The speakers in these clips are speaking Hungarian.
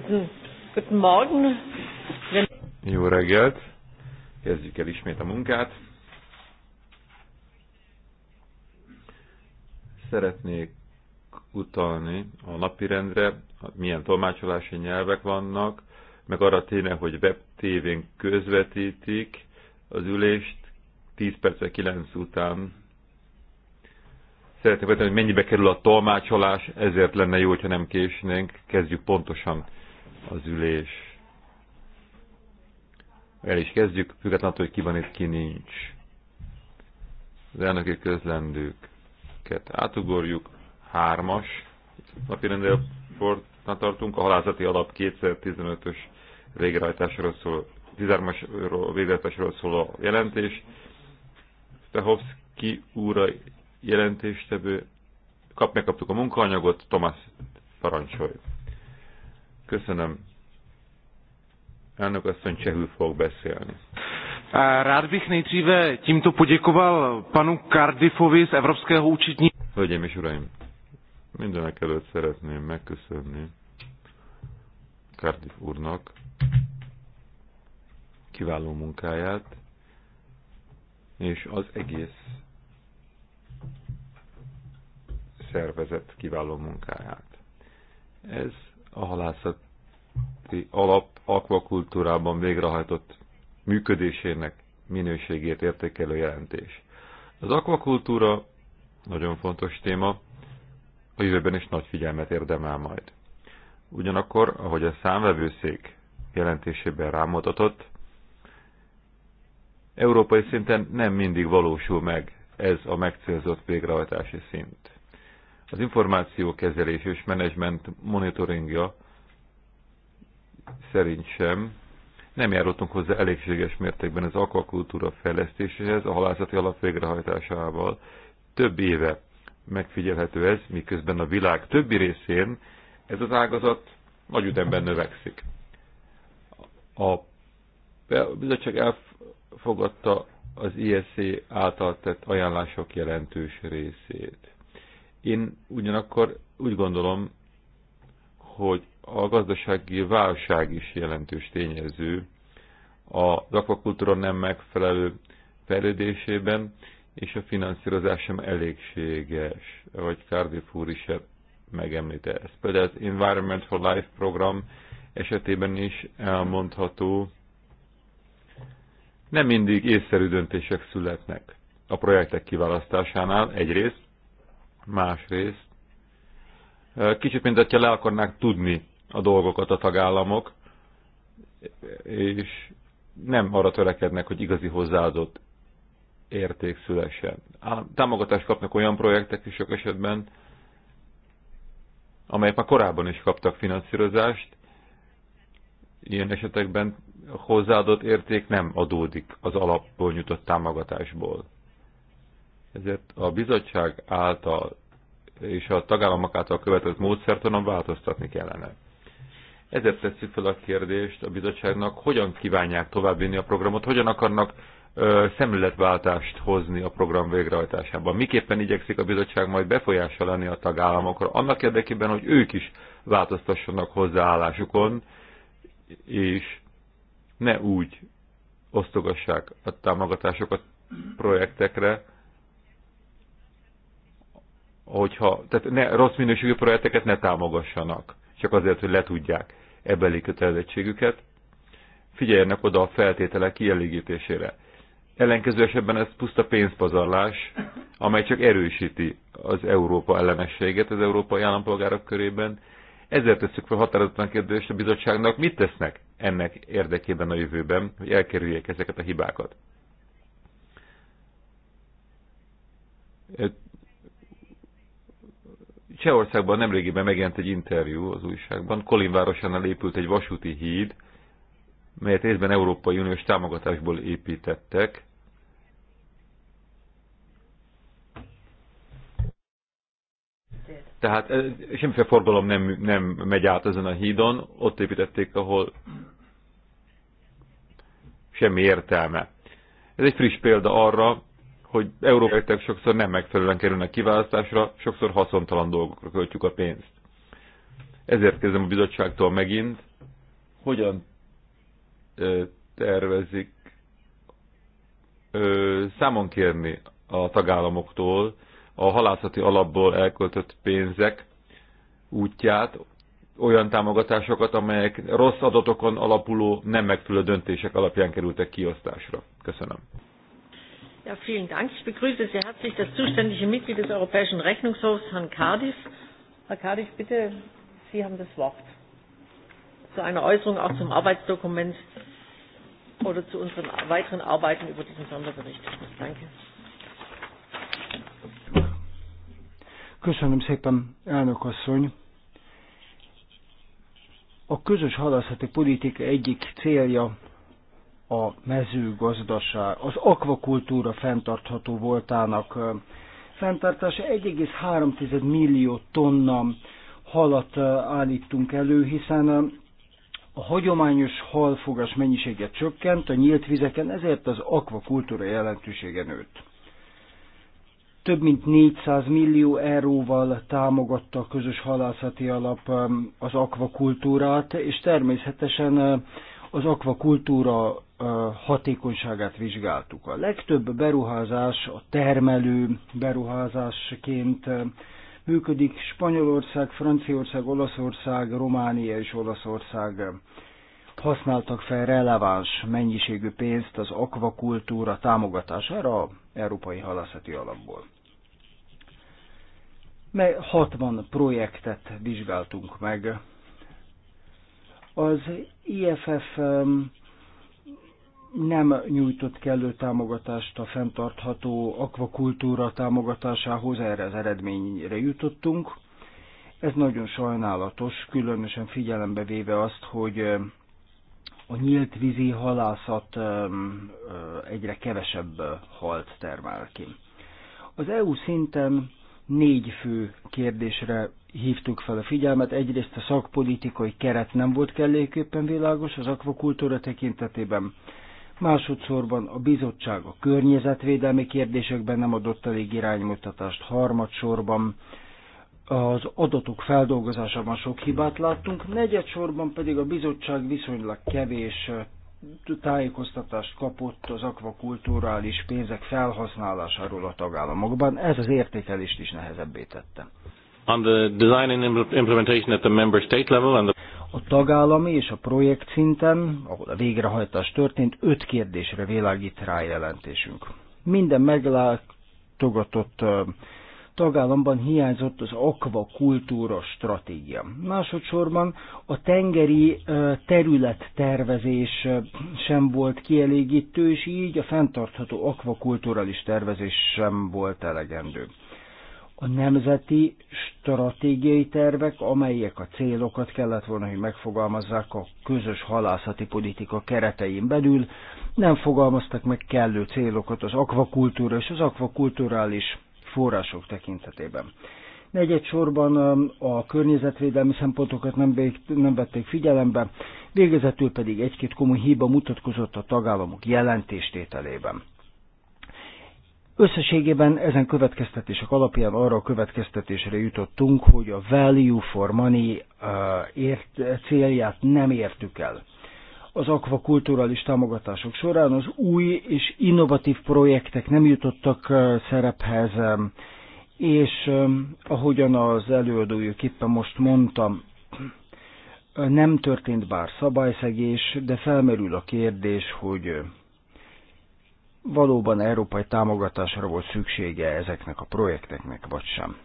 Guten, guten Morgen. Jó reggelt. Kezdjük el ismét a munkát. Szeretnék utalni a napirendre, milyen tolmácsolási nyelvek vannak, meg arra téne, hogy web tévén közvetítik az ülést 10 perce 9 után. Szeretnék vetni, hogy mennyibe kerül a tolmácsolás, ezért lenne jó, ha nem késnénk. Kezdjük pontosan az ülés. El is kezdjük, függetlenül attól, hogy ki van itt, ki nincs. Az elnöki közlendőket átugorjuk. Hármas napi rendelportnál tartunk. A halászati alap 2015-ös végrehajtásról szól, 13-as végrehajtásról a jelentés. Stehovski úra jelentéstevő. Kap, megkaptuk a munkaanyagot, Tomás parancsolja. Köszönöm. Elnök asszony csehül fog beszélni. Rád bych nejdříve tímto poděkoval panu Cardiffovi z Evropského účetní. Hölgyeim és uraim, mindenek előtt szeretném megköszönni Cardiff úrnak kiváló munkáját, és az egész szervezet kiváló munkáját. Ez a halászati alap akvakultúrában végrehajtott működésének minőségét értékelő jelentés. Az akvakultúra nagyon fontos téma, a jövőben is nagy figyelmet érdemel majd. Ugyanakkor, ahogy a számvevőszék jelentésében rámutatott, európai szinten nem mindig valósul meg ez a megcélzott végrehajtási szint. Az információkezelés és menedzsment monitoringja szerint sem nem járultunk hozzá elégséges mértékben az akvakultúra fejlesztéséhez, a halászati alap végrehajtásával. Több éve megfigyelhető ez, miközben a világ többi részén ez az ágazat nagy ütemben növekszik. A bizottság elfogadta az ISC által tett ajánlások jelentős részét. Én ugyanakkor úgy gondolom, hogy a gazdasági válság is jelentős tényező az akvakultúra nem megfelelő fejlődésében, és a finanszírozás sem elégséges, vagy Cardiff úr is megemlíte ezt. Például az Environment for Life program esetében is elmondható, nem mindig észszerű döntések születnek a projektek kiválasztásánál egyrészt, Másrészt, kicsit mint hogyha le akarnák tudni a dolgokat a tagállamok, és nem arra törekednek, hogy igazi hozzáadott érték szülessen. Támogatást kapnak olyan projektek is sok esetben, amelyek már korábban is kaptak finanszírozást, ilyen esetekben hozzáadott érték nem adódik az alapból nyújtott támogatásból ezért a bizottság által és a tagállamok által követett módszertanon változtatni kellene. Ezért tesszük fel a kérdést a bizottságnak, hogyan kívánják továbbvinni a programot, hogyan akarnak ö, szemléletváltást hozni a program végrehajtásában. Miképpen igyekszik a bizottság majd befolyással lenni a tagállamokra, annak érdekében, hogy ők is változtassanak hozzáállásukon, és ne úgy osztogassák a támogatásokat projektekre, hogyha, tehát ne, rossz minőségű projekteket ne támogassanak, csak azért, hogy letudják ebbeli kötelezettségüket. Figyeljenek oda a feltételek kielégítésére. Ellenkező esetben ez puszta pénzpazarlás, amely csak erősíti az Európa ellenességet az európai állampolgárok körében. Ezért tesszük fel határozottan kérdést a bizottságnak, mit tesznek ennek érdekében a jövőben, hogy elkerüljék ezeket a hibákat. Csehországban nemrégiben megjelent egy interjú az újságban. Kolin városánál épült egy vasúti híd, melyet részben Európai Uniós támogatásból építettek. Tehát semmiféle forgalom nem, nem megy át ezen a hídon, ott építették, ahol semmi értelme. Ez egy friss példa arra, hogy európaiak sokszor nem megfelelően kerülnek kiválasztásra, sokszor haszontalan dolgokra költjük a pénzt. Ezért kezdem a bizottságtól megint, hogyan tervezik számon kérni a tagállamoktól a halászati alapból elköltött pénzek útját, olyan támogatásokat, amelyek rossz adatokon alapuló, nem megfelelő döntések alapján kerültek kiosztásra. Köszönöm. Ja, vielen Dank. Ich begrüße sehr herzlich das zuständige Mitglied des Europäischen Rechnungshofs, Herrn Cardiff. Herr Cardiff, bitte, Sie haben das Wort zu einer Äußerung auch zum Arbeitsdokument oder zu unseren weiteren Arbeiten über diesen Sonderbericht. Danke. Köszönöm szépen, elnök asszony. A közös halászati politika egyik célja a mezőgazdaság, az akvakultúra fenntartható voltának fenntartása 1,3 millió tonna halat állítunk elő, hiszen a hagyományos halfogás mennyisége csökkent, a nyílt vizeken, ezért az akvakultúra jelentősége nőtt. Több mint 400 millió euróval támogatta a közös halászati alap az akvakultúrát, és természetesen az akvakultúra hatékonyságát vizsgáltuk. A legtöbb beruházás a termelő beruházásként működik Spanyolország, Franciaország, Olaszország, Románia és Olaszország használtak fel releváns mennyiségű pénzt az akvakultúra támogatására a Európai Halászati Alapból. Mely 60 projektet vizsgáltunk meg. Az IFF nem nyújtott kellő támogatást a fenntartható akvakultúra támogatásához, erre az eredményre jutottunk. Ez nagyon sajnálatos, különösen figyelembe véve azt, hogy a nyílt vízi halászat egyre kevesebb halt termel ki. Az EU szinten négy fő kérdésre hívtuk fel a figyelmet. Egyrészt a szakpolitikai keret nem volt kelléképpen világos az akvakultúra tekintetében. Másodszorban a bizottság a környezetvédelmi kérdésekben nem adott elég iránymutatást. Harmadsorban az adatok feldolgozásában sok hibát láttunk, negyedsorban pedig a bizottság viszonylag kevés tájékoztatást kapott az akvakulturális pénzek felhasználásáról a tagállamokban. Ez az értékelést is nehezebbé tette. On the design and implementation at the member state level and the a tagállami és a projekt szinten, ahol a végrehajtás történt, öt kérdésre világít rá jelentésünk. Minden meglátogatott tagállamban hiányzott az akvakultúra stratégia. Másodszorban a tengeri területtervezés sem volt kielégítő, és így a fenntartható akvakulturális tervezés sem volt elegendő a nemzeti stratégiai tervek, amelyek a célokat kellett volna, hogy megfogalmazzák a közös halászati politika keretein belül, nem fogalmaztak meg kellő célokat az akvakultúra és az akvakulturális források tekintetében. Negyed sorban um, a környezetvédelmi szempontokat nem, nem vették figyelembe, végezetül pedig egy-két komoly hiba mutatkozott a tagállamok jelentéstételében. Összességében ezen következtetések alapján arra a következtetésre jutottunk, hogy a value for money uh, ért, célját nem értük el. Az akvakulturális támogatások során az új és innovatív projektek nem jutottak uh, szerephez, um, és um, ahogyan az előadójuk éppen most mondtam, nem történt bár szabályszegés, de felmerül a kérdés, hogy valóban európai támogatásra volt szüksége ezeknek a projekteknek, vagy sem.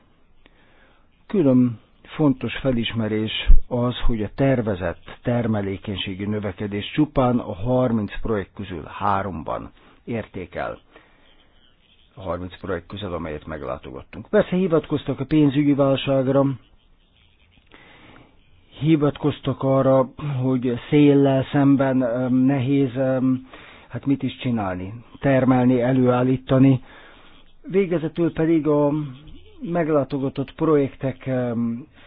Külön fontos felismerés az, hogy a tervezett termelékenységi növekedés csupán a 30 projekt közül háromban értékel. A 30 projekt közül, amelyet meglátogattunk. Persze hivatkoztak a pénzügyi válságra, hivatkoztak arra, hogy széllel szemben nehéz hát mit is csinálni? Termelni, előállítani. Végezetül pedig a meglátogatott projektek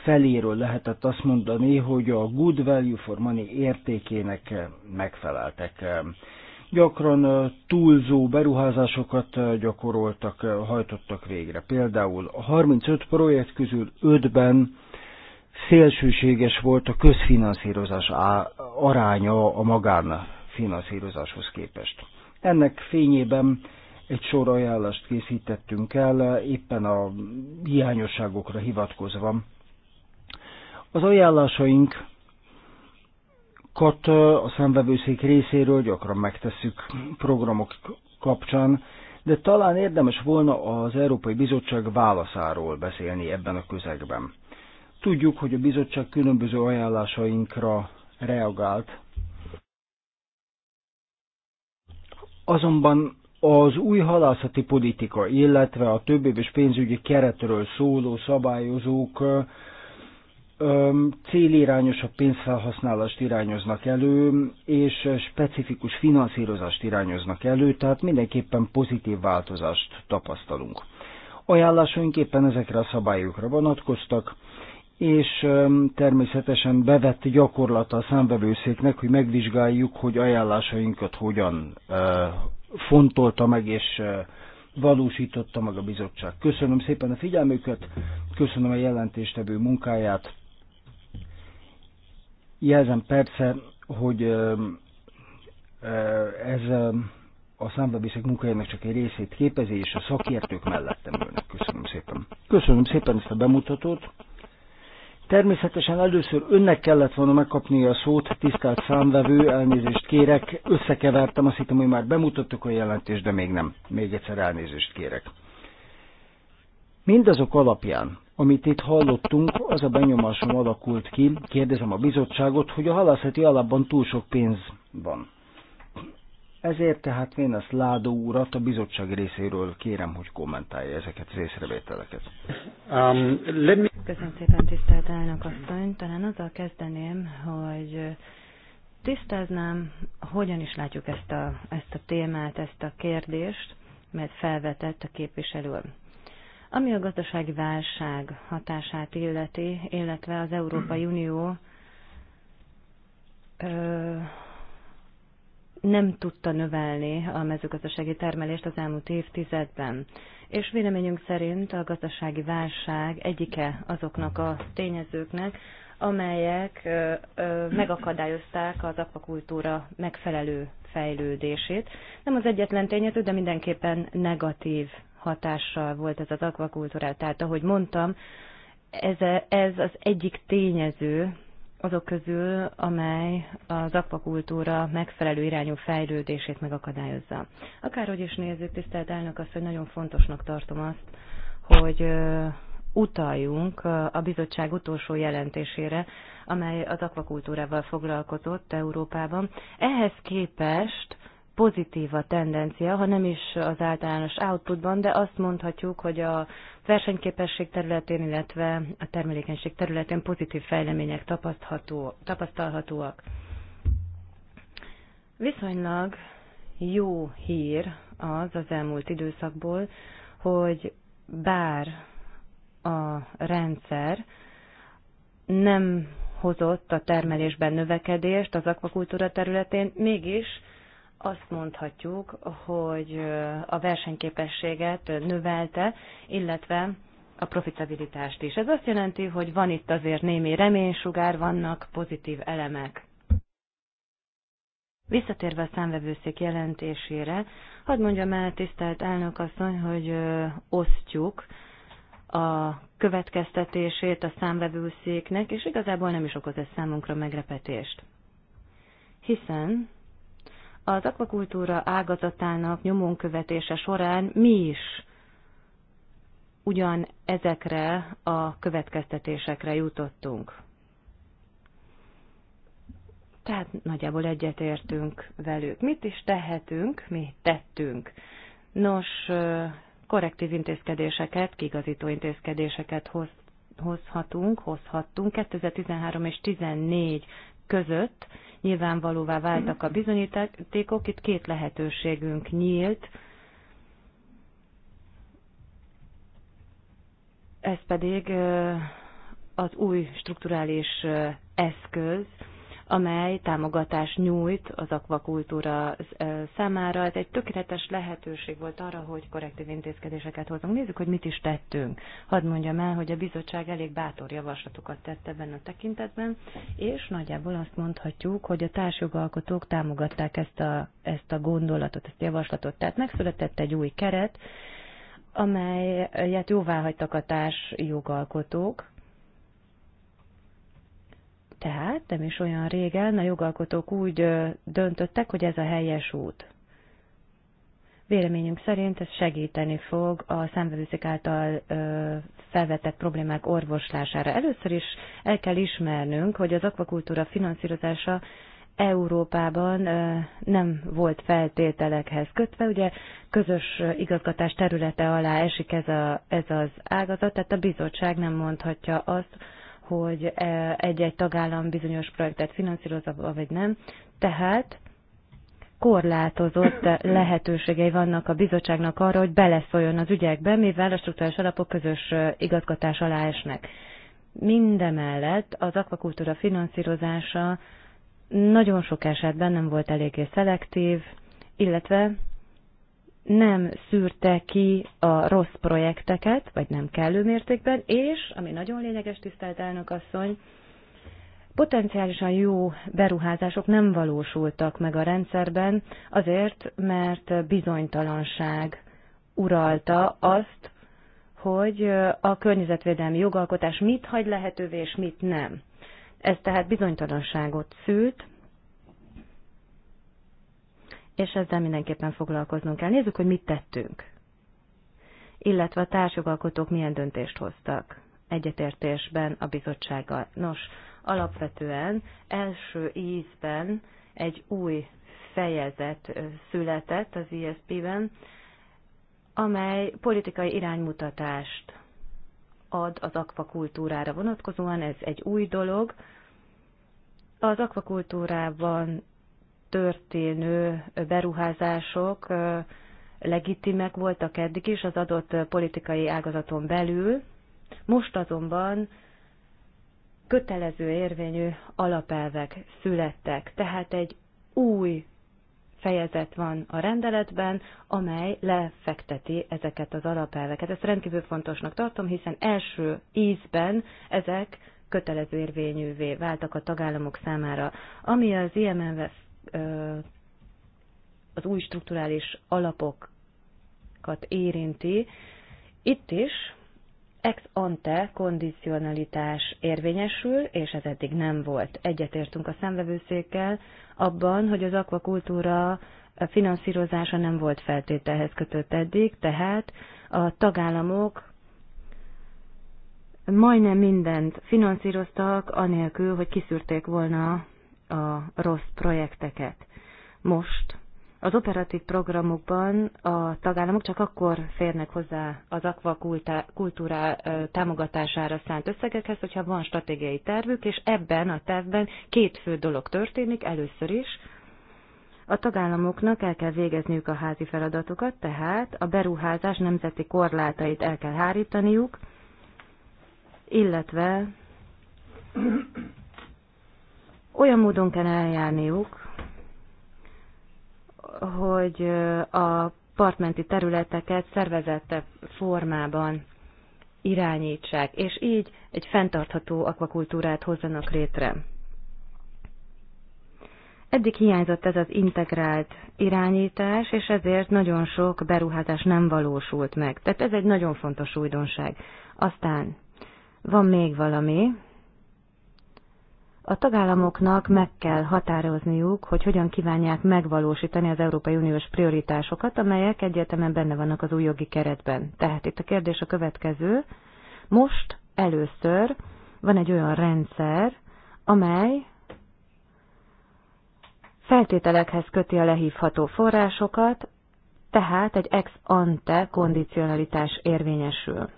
feléről lehetett azt mondani, hogy a good value for money értékének megfeleltek. Gyakran túlzó beruházásokat gyakoroltak, hajtottak végre. Például a 35 projekt közül 5-ben szélsőséges volt a közfinanszírozás aránya a magán finanszírozáshoz képest. Ennek fényében egy sor ajánlást készítettünk el, éppen a hiányosságokra hivatkozva. Az ajánlásaink kat a szemvevőszék részéről gyakran megtesszük programok kapcsán, de talán érdemes volna az Európai Bizottság válaszáról beszélni ebben a közegben. Tudjuk, hogy a bizottság különböző ajánlásainkra reagált, Azonban az új halászati politika, illetve a éves pénzügyi keretről szóló szabályozók célirányosabb pénzfelhasználást irányoznak elő, és specifikus finanszírozást irányoznak elő, tehát mindenképpen pozitív változást tapasztalunk. Ajánlásunk éppen ezekre a szabályokra vonatkoztak, és természetesen bevett gyakorlata a számvevőszéknek, hogy megvizsgáljuk, hogy ajánlásainkat hogyan fontolta meg és valósította meg a bizottság. Köszönöm szépen a figyelmüket, köszönöm a jelentéstevő munkáját. Jelzem persze, hogy ez a számbabészek munkájának csak egy részét képezi, és a szakértők mellettem ülnek. Köszönöm szépen. Köszönöm szépen ezt a bemutatót. Természetesen először önnek kellett volna megkapnia a szót, tisztelt számvevő, elnézést kérek, összekevertem, azt hittem, hogy már bemutattuk a jelentést, de még nem. Még egyszer elnézést kérek. Mindazok alapján, amit itt hallottunk, az a benyomásom alakult ki, kérdezem a bizottságot, hogy a halászati alapban túl sok pénz van. Ezért tehát én a Ládó urat a bizottság részéről kérem, hogy kommentálja ezeket az észrevételeket. Um, me... Köszönöm szépen, tisztelt elnök asszony. Talán azzal kezdeném, hogy tisztáznám, hogyan is látjuk ezt a, ezt a témát, ezt a kérdést, mert felvetett a képviselő. Ami a gazdasági válság hatását illeti, illetve az Európai Unió nem tudta növelni a mezőgazdasági termelést az elmúlt évtizedben. És véleményünk szerint a gazdasági válság egyike azoknak a tényezőknek, amelyek ö, ö, megakadályozták az akvakultúra megfelelő fejlődését. Nem az egyetlen tényező, de mindenképpen negatív hatással volt ez az akvakultúra. Tehát, ahogy mondtam, ez, ez az egyik tényező azok közül, amely az akvakultúra megfelelő irányú fejlődését megakadályozza. Akárhogy is nézzük, tisztelt elnök azt, hogy nagyon fontosnak tartom azt, hogy utaljunk a bizottság utolsó jelentésére, amely az akvakultúrával foglalkozott Európában. Ehhez képest pozitív a tendencia, ha nem is az általános outputban, de azt mondhatjuk, hogy a, versenyképesség területén, illetve a termelékenység területén pozitív fejlemények tapasztható, tapasztalhatóak. Viszonylag jó hír az az elmúlt időszakból, hogy bár a rendszer nem hozott a termelésben növekedést az akvakultúra területén, mégis azt mondhatjuk, hogy a versenyképességet növelte, illetve a profitabilitást is. Ez azt jelenti, hogy van itt azért némi reménysugár, vannak pozitív elemek. Visszatérve a számvevőszék jelentésére, hadd mondjam el, tisztelt elnök asszony, hogy osztjuk a következtetését a számvevőszéknek, és igazából nem is okoz ez számunkra megrepetést. Hiszen az akvakultúra ágazatának nyomon követése során mi is ugyan ezekre a következtetésekre jutottunk. Tehát nagyjából egyetértünk velük. Mit is tehetünk, mi tettünk. Nos, korrektív intézkedéseket, kigazító intézkedéseket hoz, hozhatunk, hozhattunk. 2013 és 2014 között nyilvánvalóvá váltak a bizonyítékok. Itt két lehetőségünk nyílt. Ez pedig az új strukturális eszköz, amely támogatást nyújt az akvakultúra számára. Ez egy tökéletes lehetőség volt arra, hogy korrektív intézkedéseket hozunk. Nézzük, hogy mit is tettünk. Hadd mondjam el, hogy a bizottság elég bátor javaslatokat tette ebben a tekintetben, és nagyjából azt mondhatjuk, hogy a társjogalkotók támogatták ezt a, ezt a gondolatot, ezt a javaslatot. Tehát megszületett egy új keret, amelyet jóvá hagytak a társjogalkotók, tehát nem is olyan régen a jogalkotók úgy döntöttek, hogy ez a helyes út. Véleményünk szerint ez segíteni fog a számvevőszék által ö, felvetett problémák orvoslására. Először is el kell ismernünk, hogy az akvakultúra finanszírozása Európában ö, nem volt feltételekhez kötve, ugye közös igazgatás területe alá esik ez, a, ez az ágazat, tehát a bizottság nem mondhatja azt, hogy e, egy-egy tagállam bizonyos projektet finanszírozza, vagy nem. Tehát korlátozott lehetőségei vannak a bizottságnak arra, hogy beleszóljon az ügyekbe, mivel a struktúrás alapok közös e, igazgatás alá esnek. Mindemellett az akvakultúra finanszírozása nagyon sok esetben nem volt eléggé szelektív, illetve nem szűrte ki a rossz projekteket, vagy nem kellő mértékben, és, ami nagyon lényeges, tisztelt elnök asszony, potenciálisan jó beruházások nem valósultak meg a rendszerben, azért, mert bizonytalanság uralta azt, hogy a környezetvédelmi jogalkotás mit hagy lehetővé, és mit nem. Ez tehát bizonytalanságot szült, és ezzel mindenképpen foglalkoznunk kell. Nézzük, hogy mit tettünk, illetve a társjogalkotók milyen döntést hoztak egyetértésben a bizottsággal. Nos, alapvetően első ízben egy új fejezet született az ISP-ben, amely politikai iránymutatást ad az akvakultúrára vonatkozóan, ez egy új dolog. Az akvakultúrában történő beruházások legitimek voltak eddig is az adott politikai ágazaton belül, most azonban kötelező érvényű alapelvek születtek, tehát egy új fejezet van a rendeletben, amely lefekteti ezeket az alapelveket. Ezt rendkívül fontosnak tartom, hiszen első ízben ezek kötelező érvényűvé váltak a tagállamok számára. Ami az IMMV az új strukturális alapokat érinti, itt is ex ante kondicionalitás érvényesül, és ez eddig nem volt. Egyetértünk a szemvevőszékkel abban, hogy az akvakultúra finanszírozása nem volt feltételhez kötött eddig, tehát a tagállamok majdnem mindent finanszíroztak, anélkül, hogy kiszűrték volna a rossz projekteket. Most az operatív programokban a tagállamok csak akkor férnek hozzá az akvakultúra támogatására szánt összegekhez, hogyha van stratégiai tervük, és ebben a tervben két fő dolog történik először is. A tagállamoknak el kell végezniük a házi feladatokat, tehát a beruházás nemzeti korlátait el kell hárítaniuk, illetve olyan módon kell eljárniuk, hogy a partmenti területeket szervezette formában irányítsák, és így egy fenntartható akvakultúrát hozzanak létre. Eddig hiányzott ez az integrált irányítás, és ezért nagyon sok beruházás nem valósult meg. Tehát ez egy nagyon fontos újdonság. Aztán van még valami, a tagállamoknak meg kell határozniuk, hogy hogyan kívánják megvalósítani az Európai Uniós prioritásokat, amelyek egyértelműen benne vannak az új jogi keretben. Tehát itt a kérdés a következő. Most először van egy olyan rendszer, amely feltételekhez köti a lehívható forrásokat, tehát egy ex ante kondicionalitás érvényesül.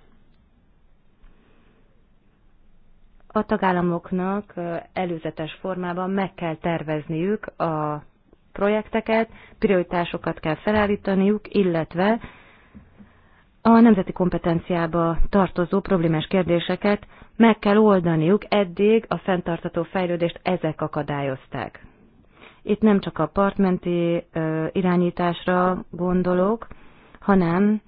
a tagállamoknak előzetes formában meg kell tervezniük a projekteket, prioritásokat kell felállítaniuk, illetve a nemzeti kompetenciába tartozó problémás kérdéseket meg kell oldaniuk, eddig a fenntartató fejlődést ezek akadályozták. Itt nem csak a partmenti irányításra gondolok, hanem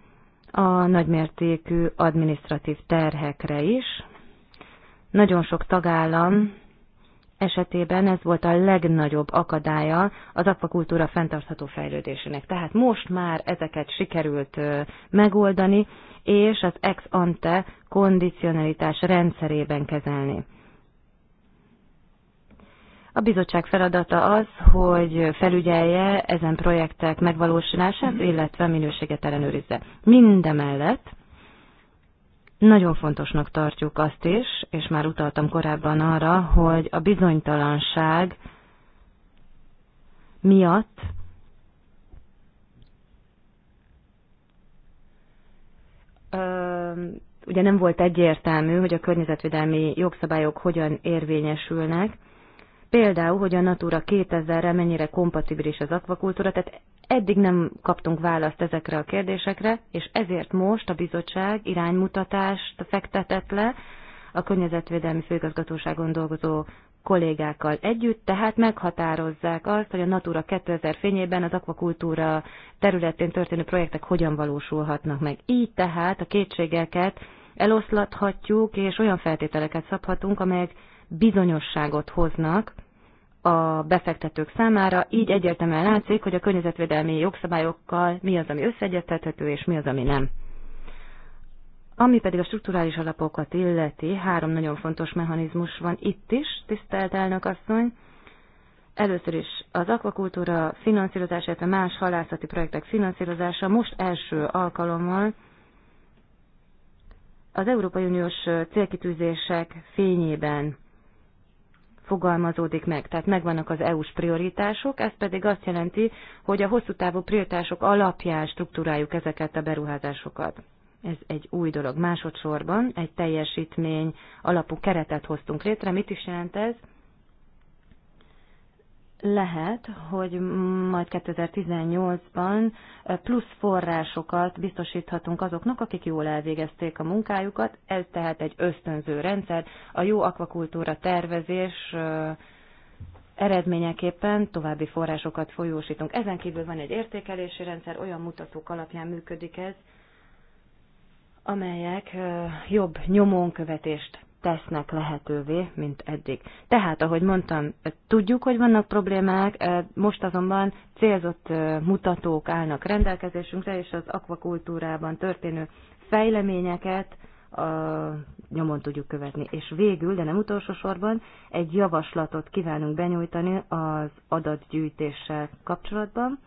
a nagymértékű administratív terhekre is, nagyon sok tagállam esetében ez volt a legnagyobb akadálya az akvakultúra fenntartható fejlődésének. Tehát most már ezeket sikerült megoldani, és az ex ante kondicionalitás rendszerében kezelni. A bizottság feladata az, hogy felügyelje ezen projektek megvalósulását, illetve minőséget ellenőrizze. Mindemellett nagyon fontosnak tartjuk azt is, és már utaltam korábban arra, hogy a bizonytalanság miatt ugye nem volt egyértelmű, hogy a környezetvédelmi jogszabályok hogyan érvényesülnek, Például, hogy a Natura 2000-re mennyire kompatibilis az akvakultúra, tehát eddig nem kaptunk választ ezekre a kérdésekre, és ezért most a bizottság iránymutatást fektetett le a Környezetvédelmi Főigazgatóságon dolgozó kollégákkal együtt, tehát meghatározzák azt, hogy a Natura 2000 fényében az akvakultúra területén történő projektek hogyan valósulhatnak meg. Így tehát a kétségeket eloszlathatjuk, és olyan feltételeket szabhatunk, amelyek bizonyosságot hoznak a befektetők számára, így egyértelműen látszik, hogy a környezetvédelmi jogszabályokkal mi az, ami összeegyeztethető, és mi az, ami nem. Ami pedig a strukturális alapokat illeti, három nagyon fontos mechanizmus van itt is, tisztelt elnök asszony. Először is az akvakultúra finanszírozása, illetve más halászati projektek finanszírozása most első alkalommal az Európai Uniós célkitűzések fényében fogalmazódik meg. Tehát megvannak az EU-s prioritások, ez pedig azt jelenti, hogy a hosszú távú prioritások alapján struktúráljuk ezeket a beruházásokat. Ez egy új dolog. Másodszorban egy teljesítmény alapú keretet hoztunk létre. Mit is jelent ez? lehet, hogy majd 2018-ban plusz forrásokat biztosíthatunk azoknak, akik jól elvégezték a munkájukat. Ez tehát egy ösztönző rendszer. A jó akvakultúra tervezés eredményeképpen további forrásokat folyósítunk. Ezen kívül van egy értékelési rendszer, olyan mutatók alapján működik ez, amelyek jobb nyomonkövetést tesznek lehetővé, mint eddig. Tehát, ahogy mondtam, tudjuk, hogy vannak problémák, eh, most azonban célzott eh, mutatók állnak rendelkezésünkre, és az akvakultúrában történő fejleményeket a, nyomon tudjuk követni. És végül, de nem utolsó sorban, egy javaslatot kívánunk benyújtani az adatgyűjtéssel kapcsolatban.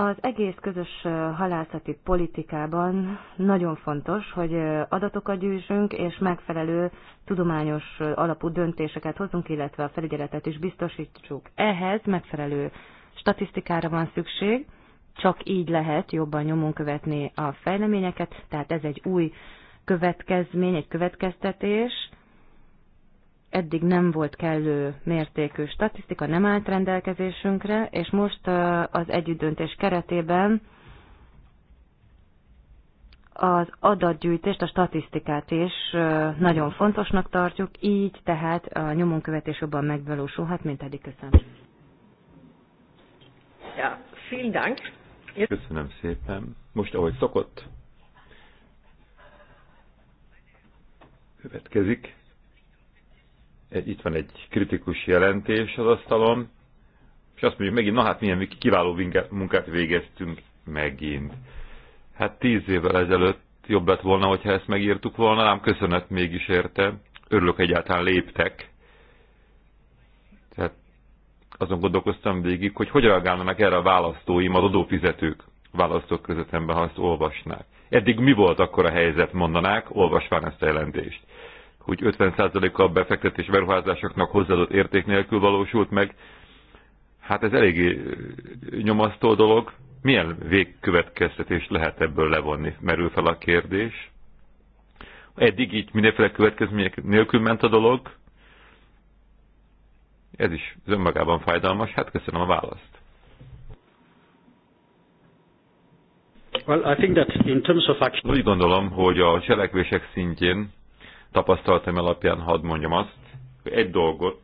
Az egész közös halászati politikában nagyon fontos, hogy adatokat gyűjtsünk, és megfelelő tudományos alapú döntéseket hozunk, illetve a felügyeletet is biztosítsuk. Ehhez megfelelő statisztikára van szükség, csak így lehet jobban nyomon követni a fejleményeket, tehát ez egy új következmény, egy következtetés, eddig nem volt kellő mértékű statisztika, nem állt rendelkezésünkre, és most az együttdöntés keretében az adatgyűjtést, a statisztikát is nagyon fontosnak tartjuk, így tehát a nyomonkövetés jobban megvalósulhat, mint eddig. Köszönöm. Ja, vielen Dank. Köszönöm szépen. Most, ahogy szokott, következik itt van egy kritikus jelentés az asztalon, és azt mondjuk megint, na hát milyen kiváló munkát végeztünk megint. Hát tíz évvel ezelőtt jobb lett volna, hogyha ezt megírtuk volna, ám köszönet mégis érte. Örülök, egyáltalán léptek. Tehát azon gondolkoztam végig, hogy hogy reagálnának erre a választóim, az adófizetők választók közöttemben, ha ezt olvasnák. Eddig mi volt akkor a helyzet, mondanák, olvasván ezt a jelentést hogy 50%-a a befektetés beruházásoknak hozzáadott érték nélkül valósult meg. Hát ez eléggé nyomasztó dolog. Milyen végkövetkeztetést lehet ebből levonni? Merül fel a kérdés. Eddig így mindenféle következmények nélkül ment a dolog. Ez is az önmagában fájdalmas. Hát köszönöm a választ. Well, I think that in terms of action... Úgy gondolom, hogy a cselekvések szintjén tapasztalatom alapján hadd mondjam azt, hogy egy dolgot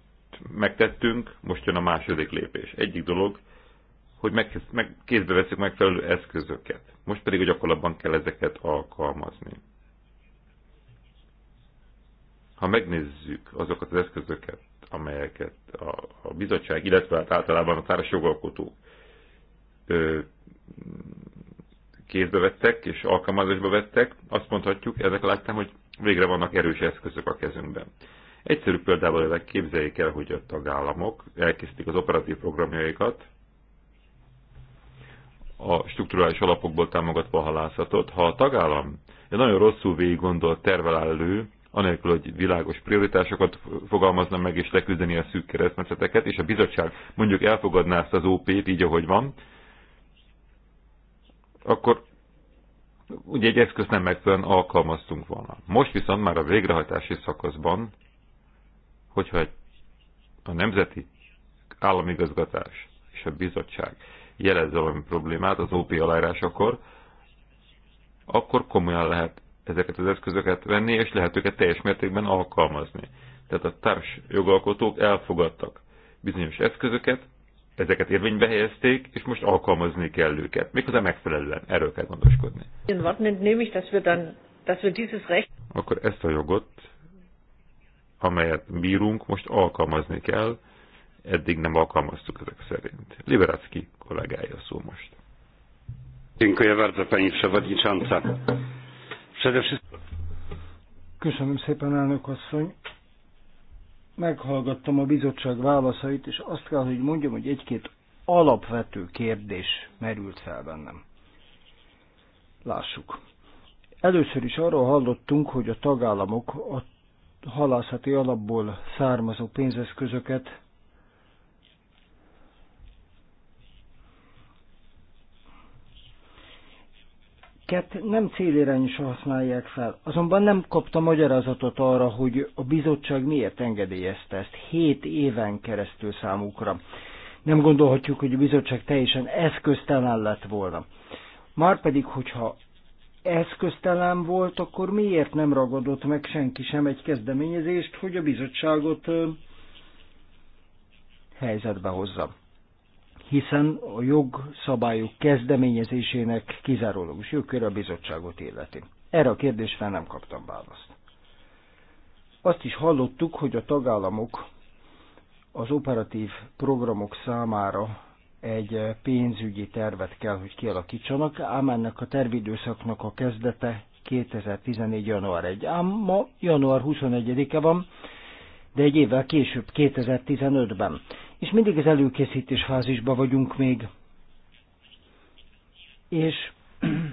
megtettünk, most jön a második lépés. Egyik dolog, hogy meg, meg, kézbe veszük megfelelő eszközöket. Most pedig a gyakorlatban kell ezeket alkalmazni. Ha megnézzük azokat az eszközöket, amelyeket a, a bizottság, illetve hát általában a társ jogalkotók ö, kézbe vettek és alkalmazásba vettek, azt mondhatjuk, ezek láttam, hogy végre vannak erős eszközök a kezünkben. Egyszerű példával ezek képzeljék el, hogy a tagállamok elkészítik az operatív programjaikat, a strukturális alapokból támogatva a halászatot. Ha a tagállam egy nagyon rosszul végig gondolt tervel elő, anélkül, hogy világos prioritásokat fogalmazna meg és leküzdeni a szűk keresztmetszeteket, és a bizottság mondjuk elfogadná ezt az OP-t így, ahogy van, akkor ugye egy eszköz nem megfelelően alkalmaztunk volna. Most viszont már a végrehajtási szakaszban, hogyha a nemzeti államigazgatás és a bizottság jelez valami problémát az OP aláírásakor, akkor komolyan lehet ezeket az eszközöket venni, és lehet őket teljes mértékben alkalmazni. Tehát a társ jogalkotók elfogadtak bizonyos eszközöket, ezeket érvénybe helyezték, és most alkalmazni kell őket. Méghozzá megfelelően. Erről kell gondoskodni. Akkor ezt a jogot, amelyet bírunk, most alkalmazni kell. Eddig nem alkalmaztuk ezek szerint. Liberacki kollégája szó most. Köszönöm szépen, elnök asszony meghallgattam a bizottság válaszait, és azt kell, hogy mondjam, hogy egy-két alapvető kérdés merült fel bennem. Lássuk. Először is arról hallottunk, hogy a tagállamok a halászati alapból származó pénzeszközöket ezeket nem célirányosan használják fel. Azonban nem kapta magyarázatot arra, hogy a bizottság miért engedélyezte ezt 7 éven keresztül számukra. Nem gondolhatjuk, hogy a bizottság teljesen eszköztelen lett volna. Márpedig, hogyha eszköztelen volt, akkor miért nem ragadott meg senki sem egy kezdeményezést, hogy a bizottságot helyzetbe hozza? hiszen a jogszabályok kezdeményezésének kizárólagos jogköre a bizottságot illeti. Erre a kérdésre nem kaptam választ. Azt is hallottuk, hogy a tagállamok az operatív programok számára egy pénzügyi tervet kell, hogy kialakítsanak, ám ennek a tervidőszaknak a kezdete 2014. január 1. Ám ma január 21-e van, de egy évvel később, 2015-ben és mindig az előkészítés fázisban vagyunk még. És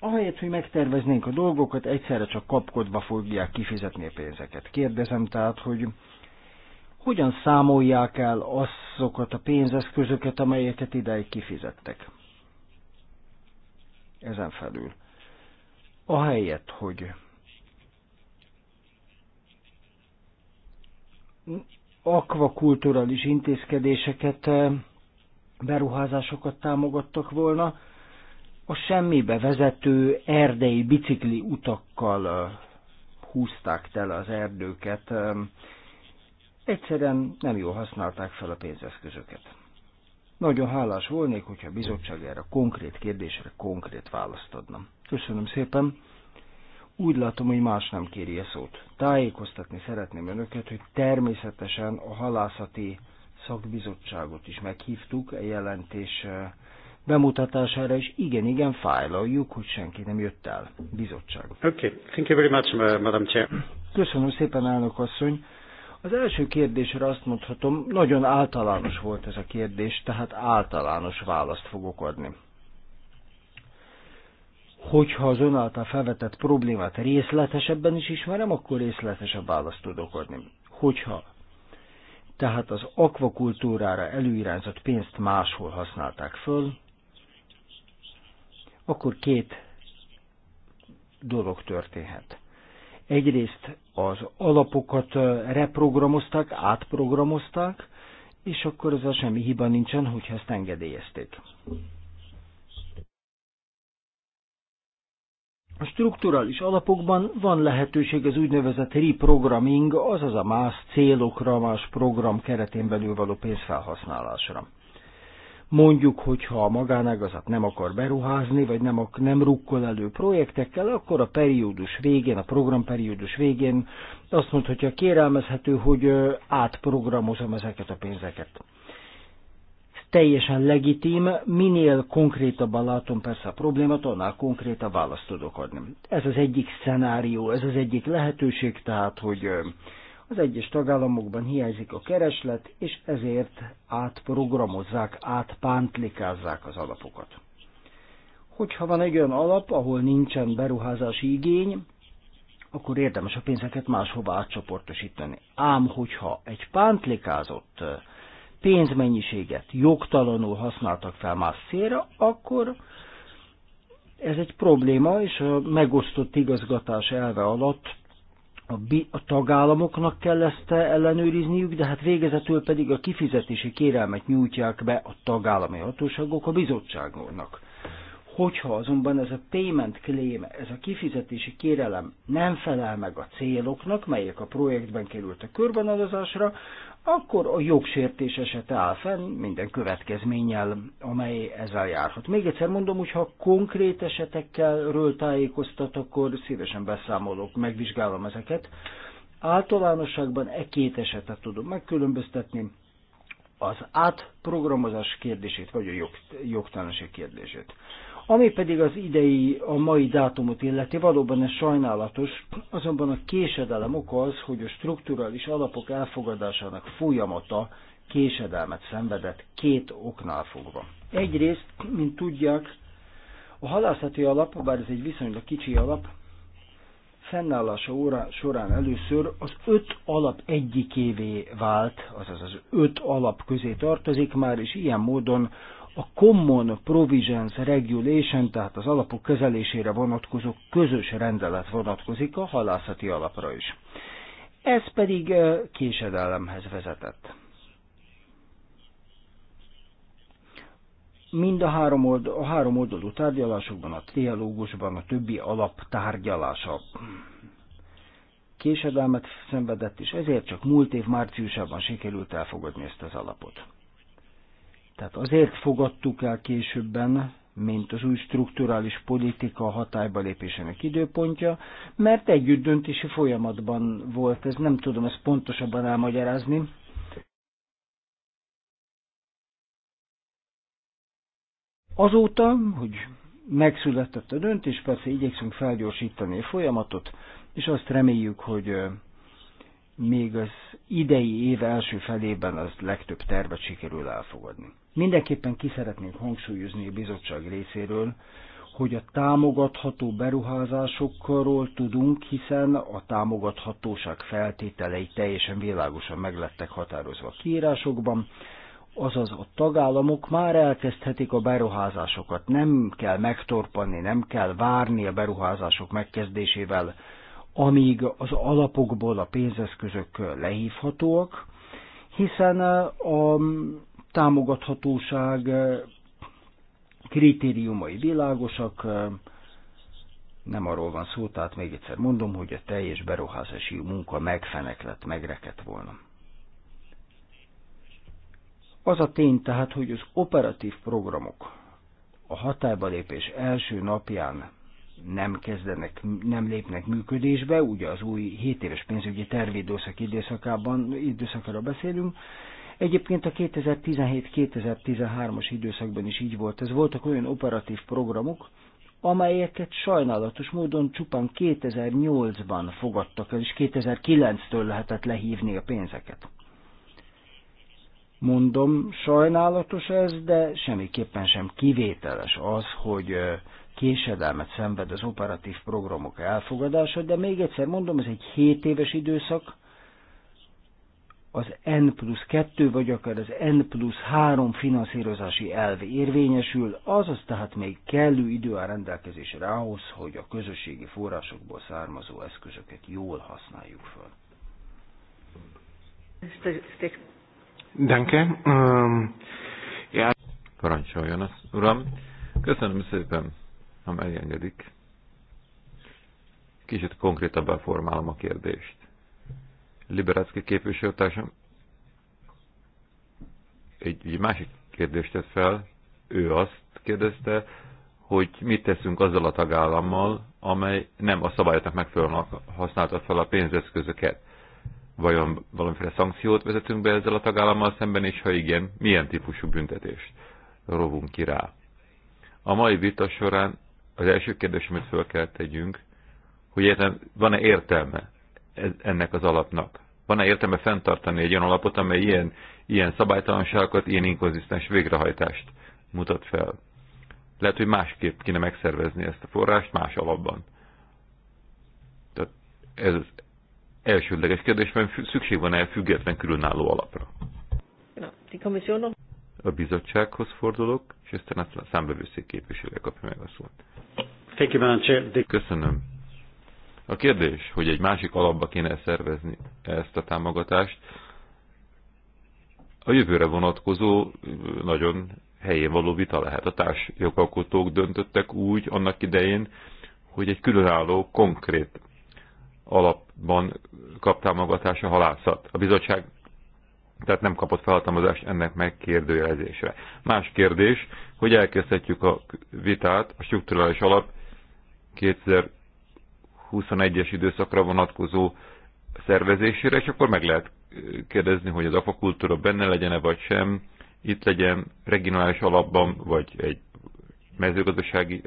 ahelyett, hogy megterveznénk a dolgokat, egyszerre csak kapkodva fogják kifizetni a pénzeket. Kérdezem tehát, hogy hogyan számolják el azokat a pénzeszközöket, amelyeket ideig kifizettek. Ezen felül. Ahelyett, hogy akvakulturális intézkedéseket, eh, beruházásokat támogattak volna, a semmibe vezető erdei bicikli utakkal eh, húzták tele az erdőket. Eh, egyszerűen nem jól használták fel a pénzeszközöket. Nagyon hálás volnék, hogyha a bizottság erre konkrét kérdésre konkrét választ adna. Köszönöm szépen. Úgy látom, hogy más nem kéri a szót. Tájékoztatni szeretném önöket, hogy természetesen a halászati szakbizottságot is meghívtuk a jelentés eh, bemutatására, és igen, igen, fájlaljuk, hogy senki nem jött el. Bizottság. Okay. Thank you very much, Madam Chair. Köszönöm szépen, elnök asszony. Az első kérdésre azt mondhatom, nagyon általános volt ez a kérdés, tehát általános választ fogok adni. Hogyha az ön által felvetett problémát részletesebben is ismerem, akkor részletesebb választ tudok adni. Hogyha tehát az akvakultúrára előirányzott pénzt máshol használták föl, akkor két dolog történhet. Egyrészt az alapokat reprogramozták, átprogramozták, és akkor ezzel semmi hiba nincsen, hogyha ezt engedélyezték. A strukturális alapokban van lehetőség az úgynevezett reprogramming, azaz a más célokra, más program keretén belül való pénzfelhasználásra. Mondjuk, hogyha a magánágazat nem akar beruházni, vagy nem, nem rukkol elő projektekkel, akkor a periódus végén, a programperiódus végén azt mondhatja, kérelmezhető, hogy átprogramozom ezeket a pénzeket teljesen legitim, minél konkrétabban látom persze a problémát, annál konkrétabb választ tudok adni. Ez az egyik szenárió, ez az egyik lehetőség, tehát, hogy az egyes tagállamokban hiányzik a kereslet, és ezért átprogramozzák, átpántlikázzák az alapokat. Hogyha van egy olyan alap, ahol nincsen beruházási igény, akkor érdemes a pénzeket máshova átcsoportosítani. Ám hogyha egy pántlikázott pénzmennyiséget jogtalanul használtak fel más célra, akkor ez egy probléma, és a megosztott igazgatás elve alatt a, bi- a tagállamoknak kell ezt ellenőrizniük, de hát végezetül pedig a kifizetési kérelmet nyújtják be a tagállami hatóságok a bizottságoknak. Hogyha azonban ez a payment claim, ez a kifizetési kérelem nem felel meg a céloknak, melyek a projektben kerültek körvonalazásra, akkor a jogsértés esete áll fenn minden következménnyel, amely ezzel járhat. Még egyszer mondom, hogy ha konkrét esetekkelről tájékoztat, akkor szívesen beszámolok, megvizsgálom ezeket. Általánosságban e két esetet tudom megkülönböztetni, az átprogramozás kérdését, vagy a jog, jogtalanság kérdését. Ami pedig az idei, a mai dátumot illeti, valóban ez sajnálatos, azonban a késedelem oka az, hogy a strukturális alapok elfogadásának folyamata késedelmet szenvedett két oknál fogva. Egyrészt, mint tudják, a halászati alap, bár ez egy viszonylag kicsi alap, fennállása óra során először az öt alap egyikévé vált, azaz az öt alap közé tartozik már, és ilyen módon a Common Provisions Regulation, tehát az alapok kezelésére vonatkozó közös rendelet vonatkozik a halászati alapra is. Ez pedig eh, késedelemhez vezetett. Mind a három, old, a három oldalú tárgyalásokban, a trialógusban a többi alap tárgyalása késedelmet szenvedett, és ezért csak múlt év márciusában sikerült elfogadni ezt az alapot. Tehát azért fogadtuk el későbben, mint az új strukturális politika hatályba lépésének időpontja, mert együtt döntési folyamatban volt ez, nem tudom ezt pontosabban elmagyarázni. Azóta, hogy megszületett a döntés, persze igyekszünk felgyorsítani a folyamatot, és azt reméljük, hogy még az idei év első felében az legtöbb tervet sikerül elfogadni. Mindenképpen ki szeretnénk hangsúlyozni a bizottság részéről, hogy a támogatható beruházásokról tudunk, hiszen a támogathatóság feltételei teljesen világosan meglettek határozva a kiírásokban, azaz a tagállamok már elkezdhetik a beruházásokat, nem kell megtorpanni, nem kell várni a beruházások megkezdésével, amíg az alapokból a pénzeszközök lehívhatóak, hiszen a támogathatóság eh, kritériumai világosak, eh, nem arról van szó, tehát még egyszer mondom, hogy a teljes beruházási munka megfeneklett, megreket volna. Az a tény tehát, hogy az operatív programok a hatályba lépés első napján nem kezdenek, nem lépnek működésbe, ugye az új 7 éves pénzügyi tervidőszak időszakában, időszakra beszélünk, Egyébként a 2017-2013-as időszakban is így volt. Ez voltak olyan operatív programok, amelyeket sajnálatos módon csupán 2008-ban fogadtak el, és 2009-től lehetett lehívni a pénzeket. Mondom, sajnálatos ez, de semmiképpen sem kivételes az, hogy késedelmet szenved az operatív programok elfogadása, de még egyszer mondom, ez egy 7 éves időszak, az N plusz 2, vagy akár az N plusz 3 finanszírozási elv érvényesül, azaz tehát még kellő idő a rendelkezésre ahhoz, hogy a közösségi forrásokból származó eszközöket jól használjuk fel. Danke. Ähm, Parancsoljon az uram. Köszönöm szépen, ha megengedik. Kicsit konkrétabban formálom a kérdést Liberácki képviselőtársam egy, egy másik kérdést tett fel, ő azt kérdezte, hogy mit teszünk azzal a tagállammal, amely nem a szabályoknak megfelelően használta fel a pénzeszközöket. Vajon valamiféle szankciót vezetünk be ezzel a tagállammal szemben, és ha igen, milyen típusú büntetést rovunk ki rá? A mai vita során az első kérdés, amit fel kell tegyünk, hogy van-e értelme e- ennek az alapnak? van-e értelme fenntartani egy olyan alapot, amely ilyen, ilyen szabálytalanságokat, ilyen inkonzisztens végrehajtást mutat fel. Lehet, hogy másképp kéne megszervezni ezt a forrást más alapban. Tehát ez az elsődleges kérdés, mert szükség van-e független különálló alapra. A bizottsághoz fordulok, és aztán a számbevőszék képviselője kapja meg a szót. Köszönöm. A kérdés, hogy egy másik alapba kéne szervezni ezt a támogatást, a jövőre vonatkozó nagyon helyén való vita lehet. A társjogalkotók döntöttek úgy annak idején, hogy egy különálló, konkrét alapban kap támogatás a halászat. A bizottság tehát nem kapott felhatalmazást ennek megkérdőjelezésre. Más kérdés, hogy elkezdhetjük a vitát a strukturális alap 2000 21-es időszakra vonatkozó szervezésére, és akkor meg lehet kérdezni, hogy az afakultúra benne legyen-e vagy sem, itt legyen regionális alapban, vagy egy mezőgazdasági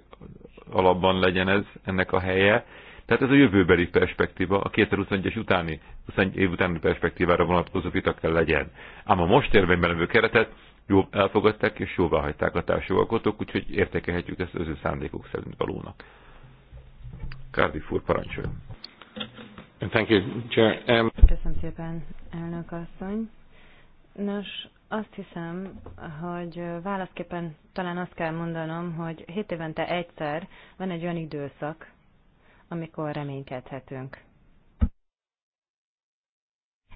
alapban legyen ez ennek a helye. Tehát ez a jövőbeli perspektíva, a 2021-es utáni, 21 év utáni perspektívára vonatkozó vita kell legyen. Ám a most érvényben levő keretet jó, elfogadták és jóvá hagyták a társjogalkotók, úgyhogy értékelhetjük ezt az ő szándékok szerint valónak. Cardiff úr, parancsol. Thank you, Chair. Um... Köszönöm szépen, elnök asszony. Nos, azt hiszem, hogy válaszképpen talán azt kell mondanom, hogy hét évente egyszer van egy olyan időszak, amikor reménykedhetünk.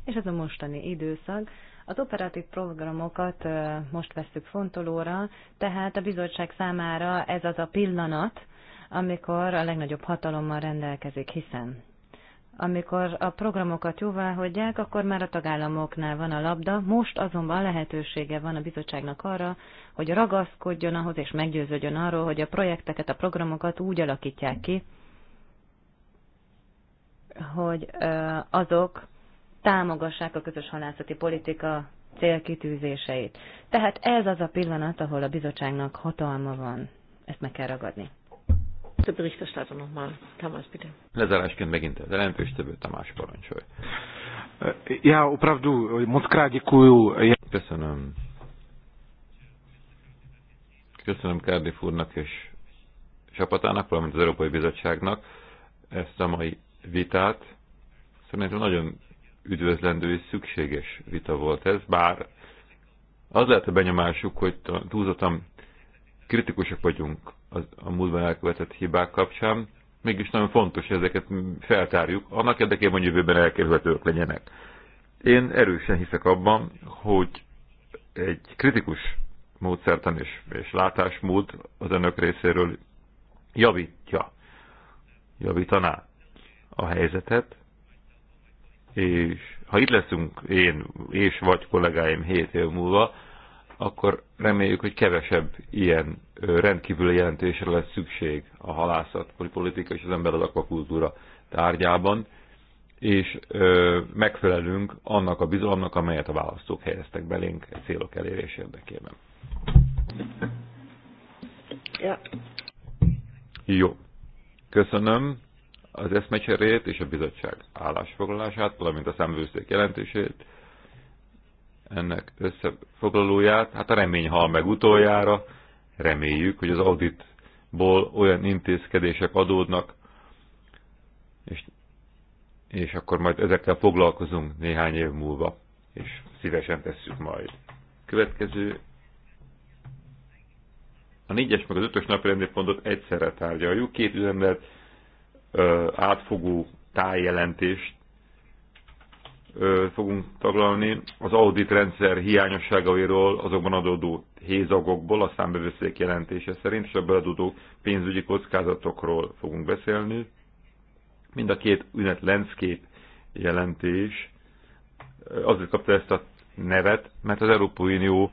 És ez a mostani időszak. Az operatív programokat most veszük fontolóra, tehát a bizottság számára ez az a pillanat, amikor a legnagyobb hatalommal rendelkezik, hiszen amikor a programokat jóvá hagyják, akkor már a tagállamoknál van a labda, most azonban lehetősége van a bizottságnak arra, hogy ragaszkodjon ahhoz és meggyőződjön arról, hogy a projekteket, a programokat úgy alakítják ki, hogy azok támogassák a közös halászati politika célkitűzéseit. Tehát ez az a pillanat, ahol a bizottságnak hatalma van. Ezt meg kell ragadni. A berichterstatter nochmal. Tamás, bitte. Lezárásként megint az elempőstövő Tamás parancsolj. Ja, opravdu, moc krát Köszönöm. Köszönöm Kárdi Fúrnak és csapatának, valamint az Európai Bizottságnak ezt a mai vitát. Szerintem nagyon üdvözlendő és szükséges vita volt ez, bár az lehet a benyomásuk, hogy túlzottan kritikusak vagyunk az, a múltban elkövetett hibák kapcsán, mégis nagyon fontos, hogy ezeket feltárjuk, annak érdekében, hogy jövőben elkerülhetők legyenek. Én erősen hiszek abban, hogy egy kritikus módszertan és, és látásmód az önök részéről javítja, javítaná a helyzetet, és ha itt leszünk én és vagy kollégáim hét év múlva, akkor reméljük, hogy kevesebb ilyen rendkívüli jelentésre lesz szükség a halászat, a politika és az ember az akvakultúra tárgyában, és ö, megfelelünk annak a bizalomnak, amelyet a választók helyeztek belénk a e célok elérés érdekében. Ja. Jó. Köszönöm az eszmecserét és a bizottság állásfoglalását, valamint a szemvőszék jelentését ennek összefoglalóját. Hát a remény hal meg utoljára. Reméljük, hogy az auditból olyan intézkedések adódnak, és, és akkor majd ezekkel foglalkozunk néhány év múlva, és szívesen tesszük majd. Következő a négyes meg az ötös napi pontot egyszerre tárgyaljuk. Két üzemlet átfogó tájjelentést fogunk taglalni, az audit rendszer hiányosságairól, azokban adódó hézagokból, a számbevőszék jelentése szerint, és ebből adódó pénzügyi kockázatokról fogunk beszélni. Mind a két ünnep landscape jelentés azért kapta ezt a nevet, mert az Európai Unió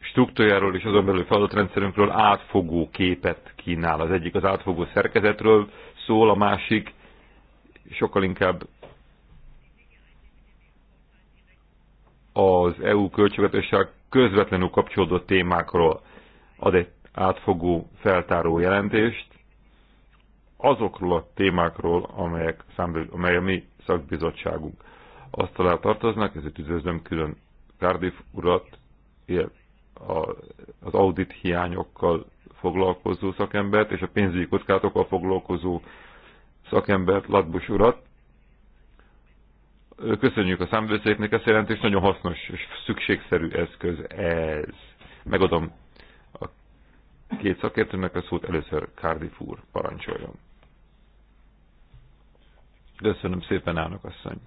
struktúráról és azon belül feladatrendszerünkről átfogó képet kínál. Az egyik az átfogó szerkezetről szól, a másik sokkal inkább az EU költségvetéssel közvetlenül kapcsolódó témákról ad egy átfogó feltáró jelentést, azokról a témákról, amelyek, számből, amely a mi szakbizottságunk asztalá tartoznak, ezért üdvözlöm külön Cardiff urat, az audit hiányokkal foglalkozó szakembert, és a pénzügyi kockázatokkal foglalkozó szakembert, Latbus urat, Köszönjük a számvőszéknek ezt jelentést, nagyon hasznos és szükségszerű eszköz ez. Megadom a két szakértőnek a szót, először Cardiff úr parancsoljon. Köszönöm szépen, állnak asszony.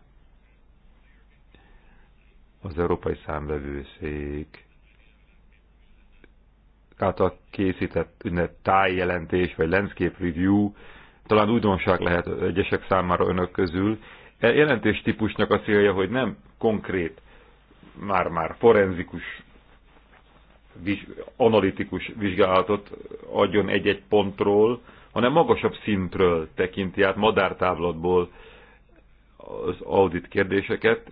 Az Európai Számvevőszék által készített tájjelentés, vagy landscape review, talán újdonság lehet egyesek számára önök közül, E jelentés típusnak a célja, hogy nem konkrét, már-már forenzikus, viz, analitikus vizsgálatot adjon egy-egy pontról, hanem magasabb szintről tekinti át madártávlatból az audit kérdéseket,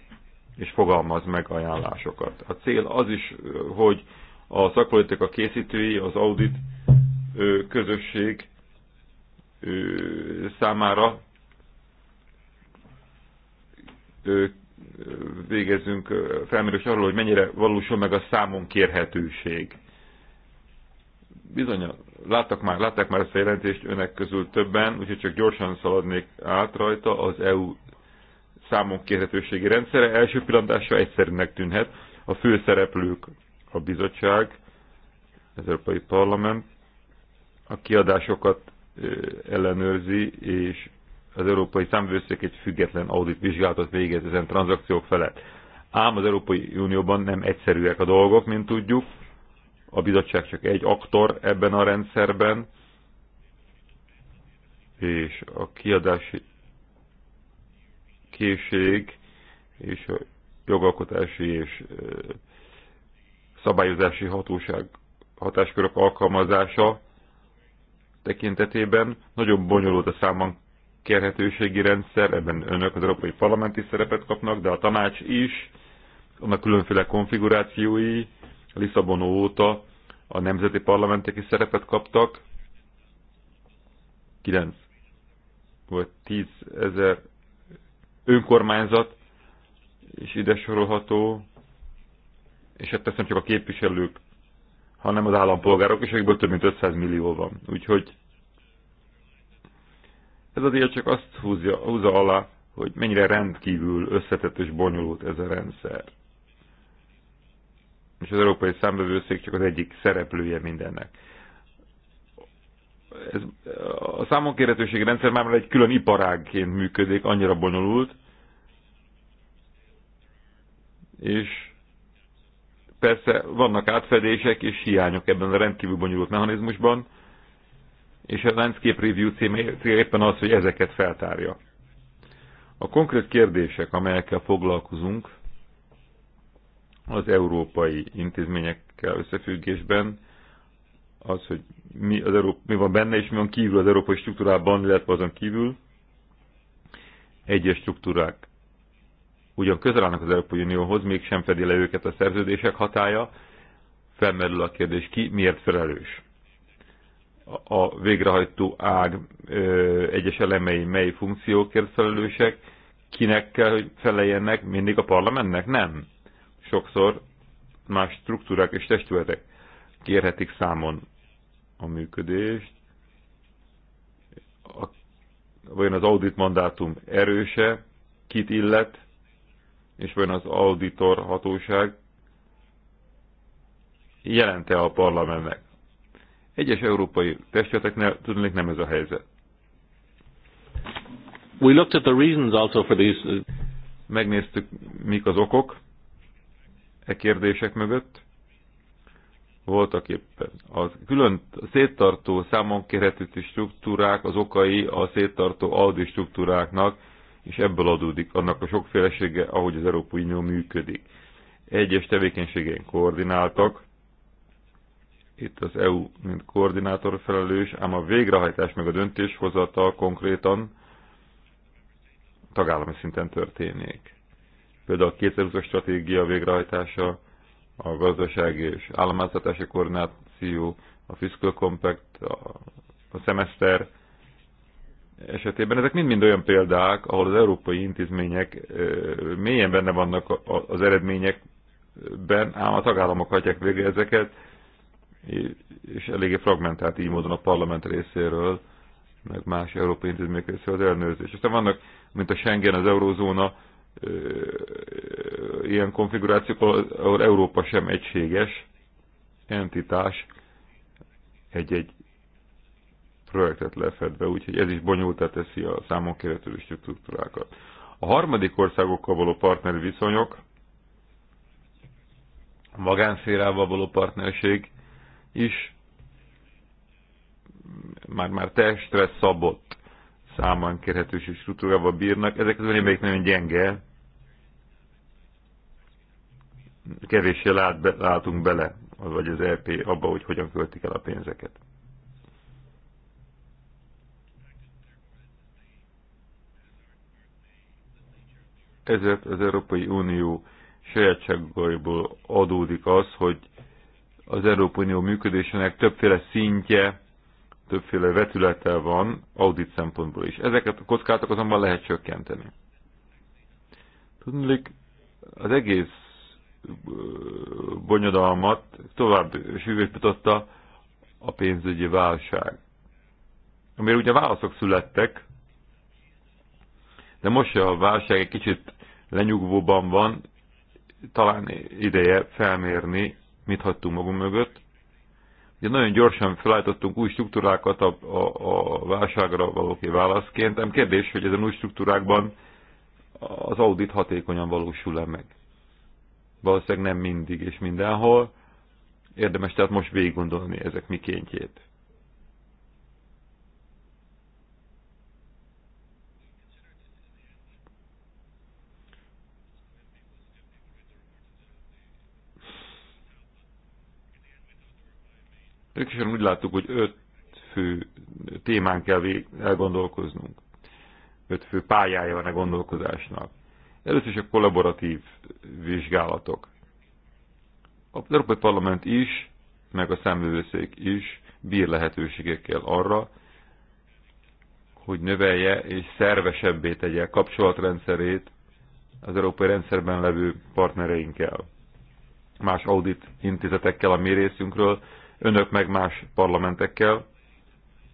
és fogalmaz meg ajánlásokat. A cél az is, hogy a szakpolitika készítői, az audit közösség számára végezzünk felmérés arról, hogy mennyire valósul meg a számon kérhetőség. Bizony, láttak már, látták már ezt a jelentést önek közül többen, úgyhogy csak gyorsan szaladnék át rajta az EU számon kérhetőségi rendszere. Első pillantásra egyszerűnek tűnhet. A fő szereplők a bizottság, az Európai Parlament, a kiadásokat ellenőrzi és az Európai Számvőszék egy független audit vizsgálatot végez ezen tranzakciók felett. Ám az Európai Unióban nem egyszerűek a dolgok, mint tudjuk. A bizottság csak egy aktor ebben a rendszerben, és a kiadási készség és a jogalkotási és szabályozási hatóság hatáskörök alkalmazása tekintetében nagyon bonyolult a számban kérhetőségi rendszer, ebben önök az Európai Parlamenti szerepet kapnak, de a tanács is, annak különféle konfigurációi, Lisszabon óta a nemzeti parlamentek is szerepet kaptak, 9 vagy 10 ezer önkormányzat is ide sorolható, és hát ezt persze nem csak a képviselők, hanem az állampolgárok, is akikből több mint 500 millió van. Úgyhogy ez azért csak azt húzza, húzza alá, hogy mennyire rendkívül összetett és bonyolult ez a rendszer. És az Európai Számbevőszék csak az egyik szereplője mindennek. Ez, a számonkérhetőségi rendszer már egy külön iparágként működik, annyira bonyolult, és persze vannak átfedések és hiányok ebben a rendkívül bonyolult mechanizmusban, és a Landscape Review címe éppen az, hogy ezeket feltárja. A konkrét kérdések, amelyekkel foglalkozunk, az európai intézményekkel összefüggésben, az, hogy mi, az Európa, mi van benne és mi van kívül az európai struktúrában, illetve azon kívül, egyes struktúrák ugyan közel állnak az Európai Unióhoz, mégsem fedi le őket a szerződések hatája, felmerül a kérdés ki, miért felelős a végrehajtó ág ö, egyes elemei mely funkciókért felelősek, kinek kell, hogy feleljenek, mindig a parlamentnek? Nem. Sokszor más struktúrák és testületek kérhetik számon a működést. A, vajon az audit mandátum erőse, kit illet, és vajon az auditor hatóság jelente a parlamentnek egyes európai testületeknél tudnék nem ez a helyzet. We looked at the reasons also for these. Uh, Megnéztük, mik az okok e kérdések mögött. Voltak éppen a külön széttartó számon kérhető struktúrák az okai a széttartó audi struktúráknak, és ebből adódik annak a sokfélesége, ahogy az Európai Unió működik. Egyes tevékenységén koordináltak, itt az EU, mint koordinátor felelős, ám a végrehajtás meg a döntéshozata konkrétan tagállami szinten történik. Például a 2020-as stratégia végrehajtása, a gazdasági és államáztatási koordináció, a fiscal compact, a, a szemeszter esetében. Ezek mind-mind olyan példák, ahol az európai intézmények mélyen benne vannak az eredményekben, ám a tagállamok hagyják végre ezeket, és eléggé fragmentált így módon a parlament részéről, meg más európai intézmények részéről az ellenőrzés. Aztán vannak, mint a Schengen, az Eurózóna, ilyen konfigurációk, ahol Európa sem egységes entitás egy-egy projektet lefedve, úgyhogy ez is bonyolultá teszi a számon keretülő struktúrákat. A harmadik országokkal való partneri viszonyok, a magánszférával való partnerség is már-már testre szabott számon és struktúrával bírnak. Ezek az melyik nagyon gyenge, kevéssé lát, be, látunk bele, vagy az EP abba, hogy hogyan költik el a pénzeket. Ezért az Európai Unió sajátságaiból adódik az, hogy az Európai Unió működésének többféle szintje, többféle vetülete van audit szempontból is. Ezeket a kockátok azonban lehet csökkenteni. Tudnék, az egész bonyodalmat tovább sűrűsította a pénzügyi válság. Amire ugye válaszok születtek, de most a válság egy kicsit lenyugvóban van, talán ideje felmérni mit hagytunk magunk mögött. Ugye nagyon gyorsan felállítottunk új struktúrákat a, a, a válságra valóki válaszként, nem kérdés, hogy ezen új struktúrákban az audit hatékonyan valósul-e meg. Valószínűleg nem mindig és mindenhol. Érdemes tehát most végig gondolni ezek mikéntjét. Ők úgy láttuk, hogy öt fő témán kell elgondolkoznunk. Öt fő pályája van a gondolkozásnak. Először is a kollaboratív vizsgálatok. Az Európai Parlament is, meg a számvevőszék is bír lehetőségekkel arra, hogy növelje és szervesebbé tegye kapcsolatrendszerét az európai rendszerben levő partnereinkkel, más audit intézetekkel a mi részünkről, önök meg más parlamentekkel,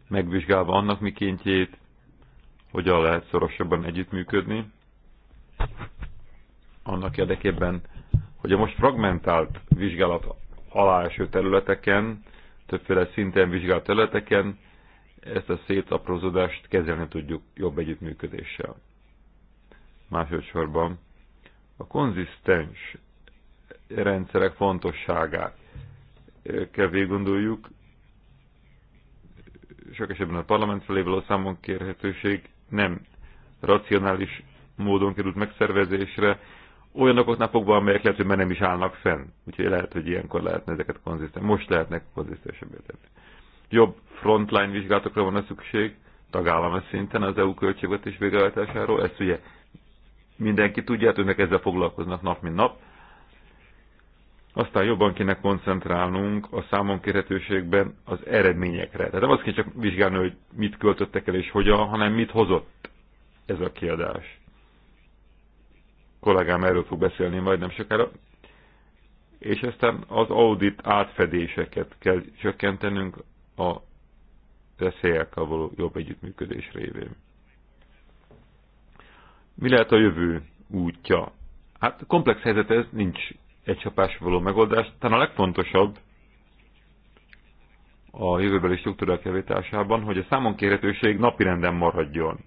megvizsgálva annak mikéntjét, hogyan lehet szorosabban együttműködni, annak érdekében, hogy a most fragmentált vizsgálat alá eső területeken, többféle szinten vizsgált területeken ezt a szétaprózódást kezelni tudjuk jobb együttműködéssel. Másodszorban a konzisztens rendszerek fontosságát kell végig gondoljuk. Sok esetben a parlament felé való számon kérhetőség nem racionális módon került megszervezésre, olyan okoknál fogva, amelyek lehet, hogy már nem is állnak fenn. Úgyhogy lehet, hogy ilyenkor lehetne ezeket konzisztens. Most lehetnek konzisztensebbé tenni. Jobb frontline vizsgálatokra van a szükség, tagállami szinten az EU költségvetés végrehajtásáról. Ezt ugye mindenki tudja, hát önök ezzel foglalkoznak nap, mint nap aztán jobban kéne koncentrálnunk a számon kérhetőségben az eredményekre. Tehát nem azt kell csak vizsgálni, hogy mit költöttek el és hogyan, hanem mit hozott ez a kiadás. A kollégám erről fog beszélni majdnem sokára. És aztán az audit átfedéseket kell csökkentenünk a veszélyekkel való jobb együttműködés révén. Mi lehet a jövő útja? Hát komplex helyzet ez, nincs egy csapás való megoldás. Talán a legfontosabb a jövőbeli struktúrák javításában, hogy a számon kérhetőség napirenden maradjon.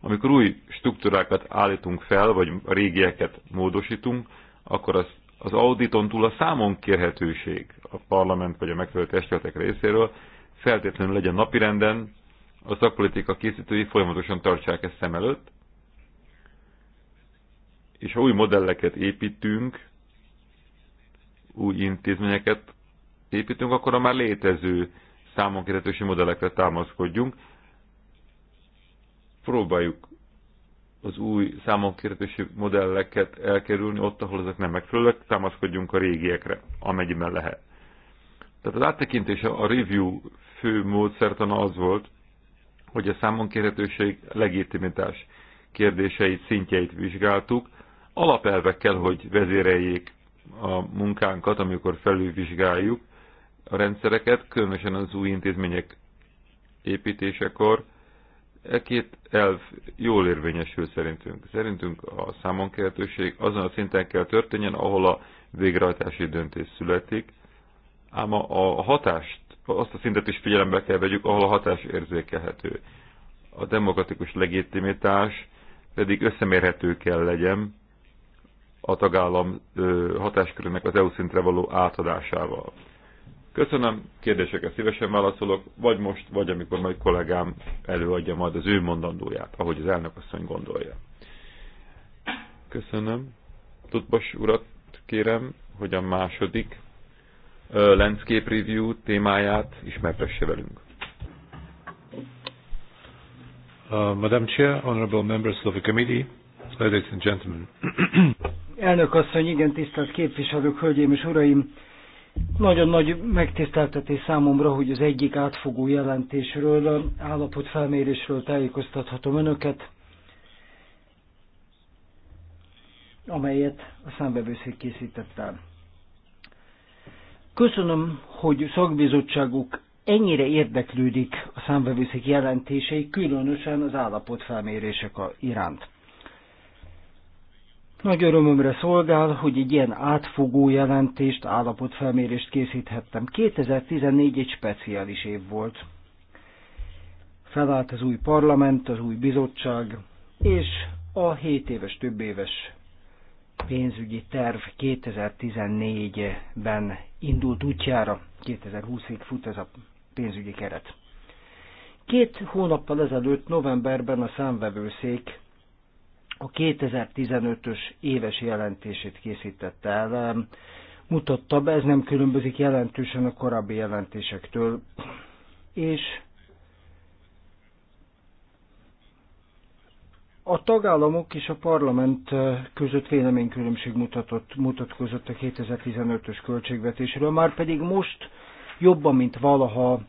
Amikor új struktúrákat állítunk fel, vagy a régieket módosítunk, akkor az, az auditon túl a számon kérhetőség a parlament vagy a megfelelő testületek részéről feltétlenül legyen napirenden, a szakpolitika készítői folyamatosan tartsák ezt szem előtt, és ha új modelleket építünk, új intézményeket építünk, akkor a már létező számonkérhetősi modellekre támaszkodjunk. Próbáljuk az új számonkérhetősi modelleket elkerülni ott, ahol ezek nem megfelelőek, támaszkodjunk a régiekre, amennyiben lehet. Tehát az áttekintése a review fő módszertana az volt, hogy a számonkérhetőség legitimitás kérdéseit, szintjeit vizsgáltuk, alapelvekkel, hogy vezéreljék a munkánkat, amikor felülvizsgáljuk a rendszereket, különösen az új intézmények építésekor. E két elv jól érvényesül szerintünk. Szerintünk a számonkértőség azon a szinten kell történjen, ahol a végrehajtási döntés születik, ám a hatást, azt a szintet is figyelembe kell vegyük, ahol a hatás érzékelhető. A demokratikus legitimitás pedig összemérhető kell legyen a tagállam hatáskörének az EU szintre való átadásával. Köszönöm, kérdéseket szívesen válaszolok, vagy most, vagy amikor majd kollégám előadja majd az ő mondandóját, ahogy az elnökasszony gondolja. Köszönöm. Tudbas urat kérem, hogy a második landscape review témáját ismertesse velünk. Uh, Madam Chair, Honorable Members of the Committee, Ladies and Gentlemen. Elnök asszony, igen, tisztelt képviselők, hölgyeim és uraim! Nagyon nagy megtiszteltetés számomra, hogy az egyik átfogó jelentésről, állapot felmérésről tájékoztathatom önöket, amelyet a számbevőszék készített el. Köszönöm, hogy szakbizottságuk ennyire érdeklődik a számbevőszék jelentései, különösen az állapotfelmérések iránt. Nagy örömömre szolgál, hogy egy ilyen átfogó jelentést, állapotfelmérést készíthettem. 2014 egy speciális év volt. Felállt az új parlament, az új bizottság, és a 7 éves, több éves pénzügyi terv 2014-ben indult útjára, 2020-ig fut ez a pénzügyi keret. Két hónappal ezelőtt novemberben a számvevőszék a 2015-ös éves jelentését készítette el, mutatta be, ez nem különbözik jelentősen a korábbi jelentésektől, és A tagállamok és a parlament között véleménykülönbség mutatott, mutatkozott a 2015-ös költségvetésről, már pedig most jobban, mint valaha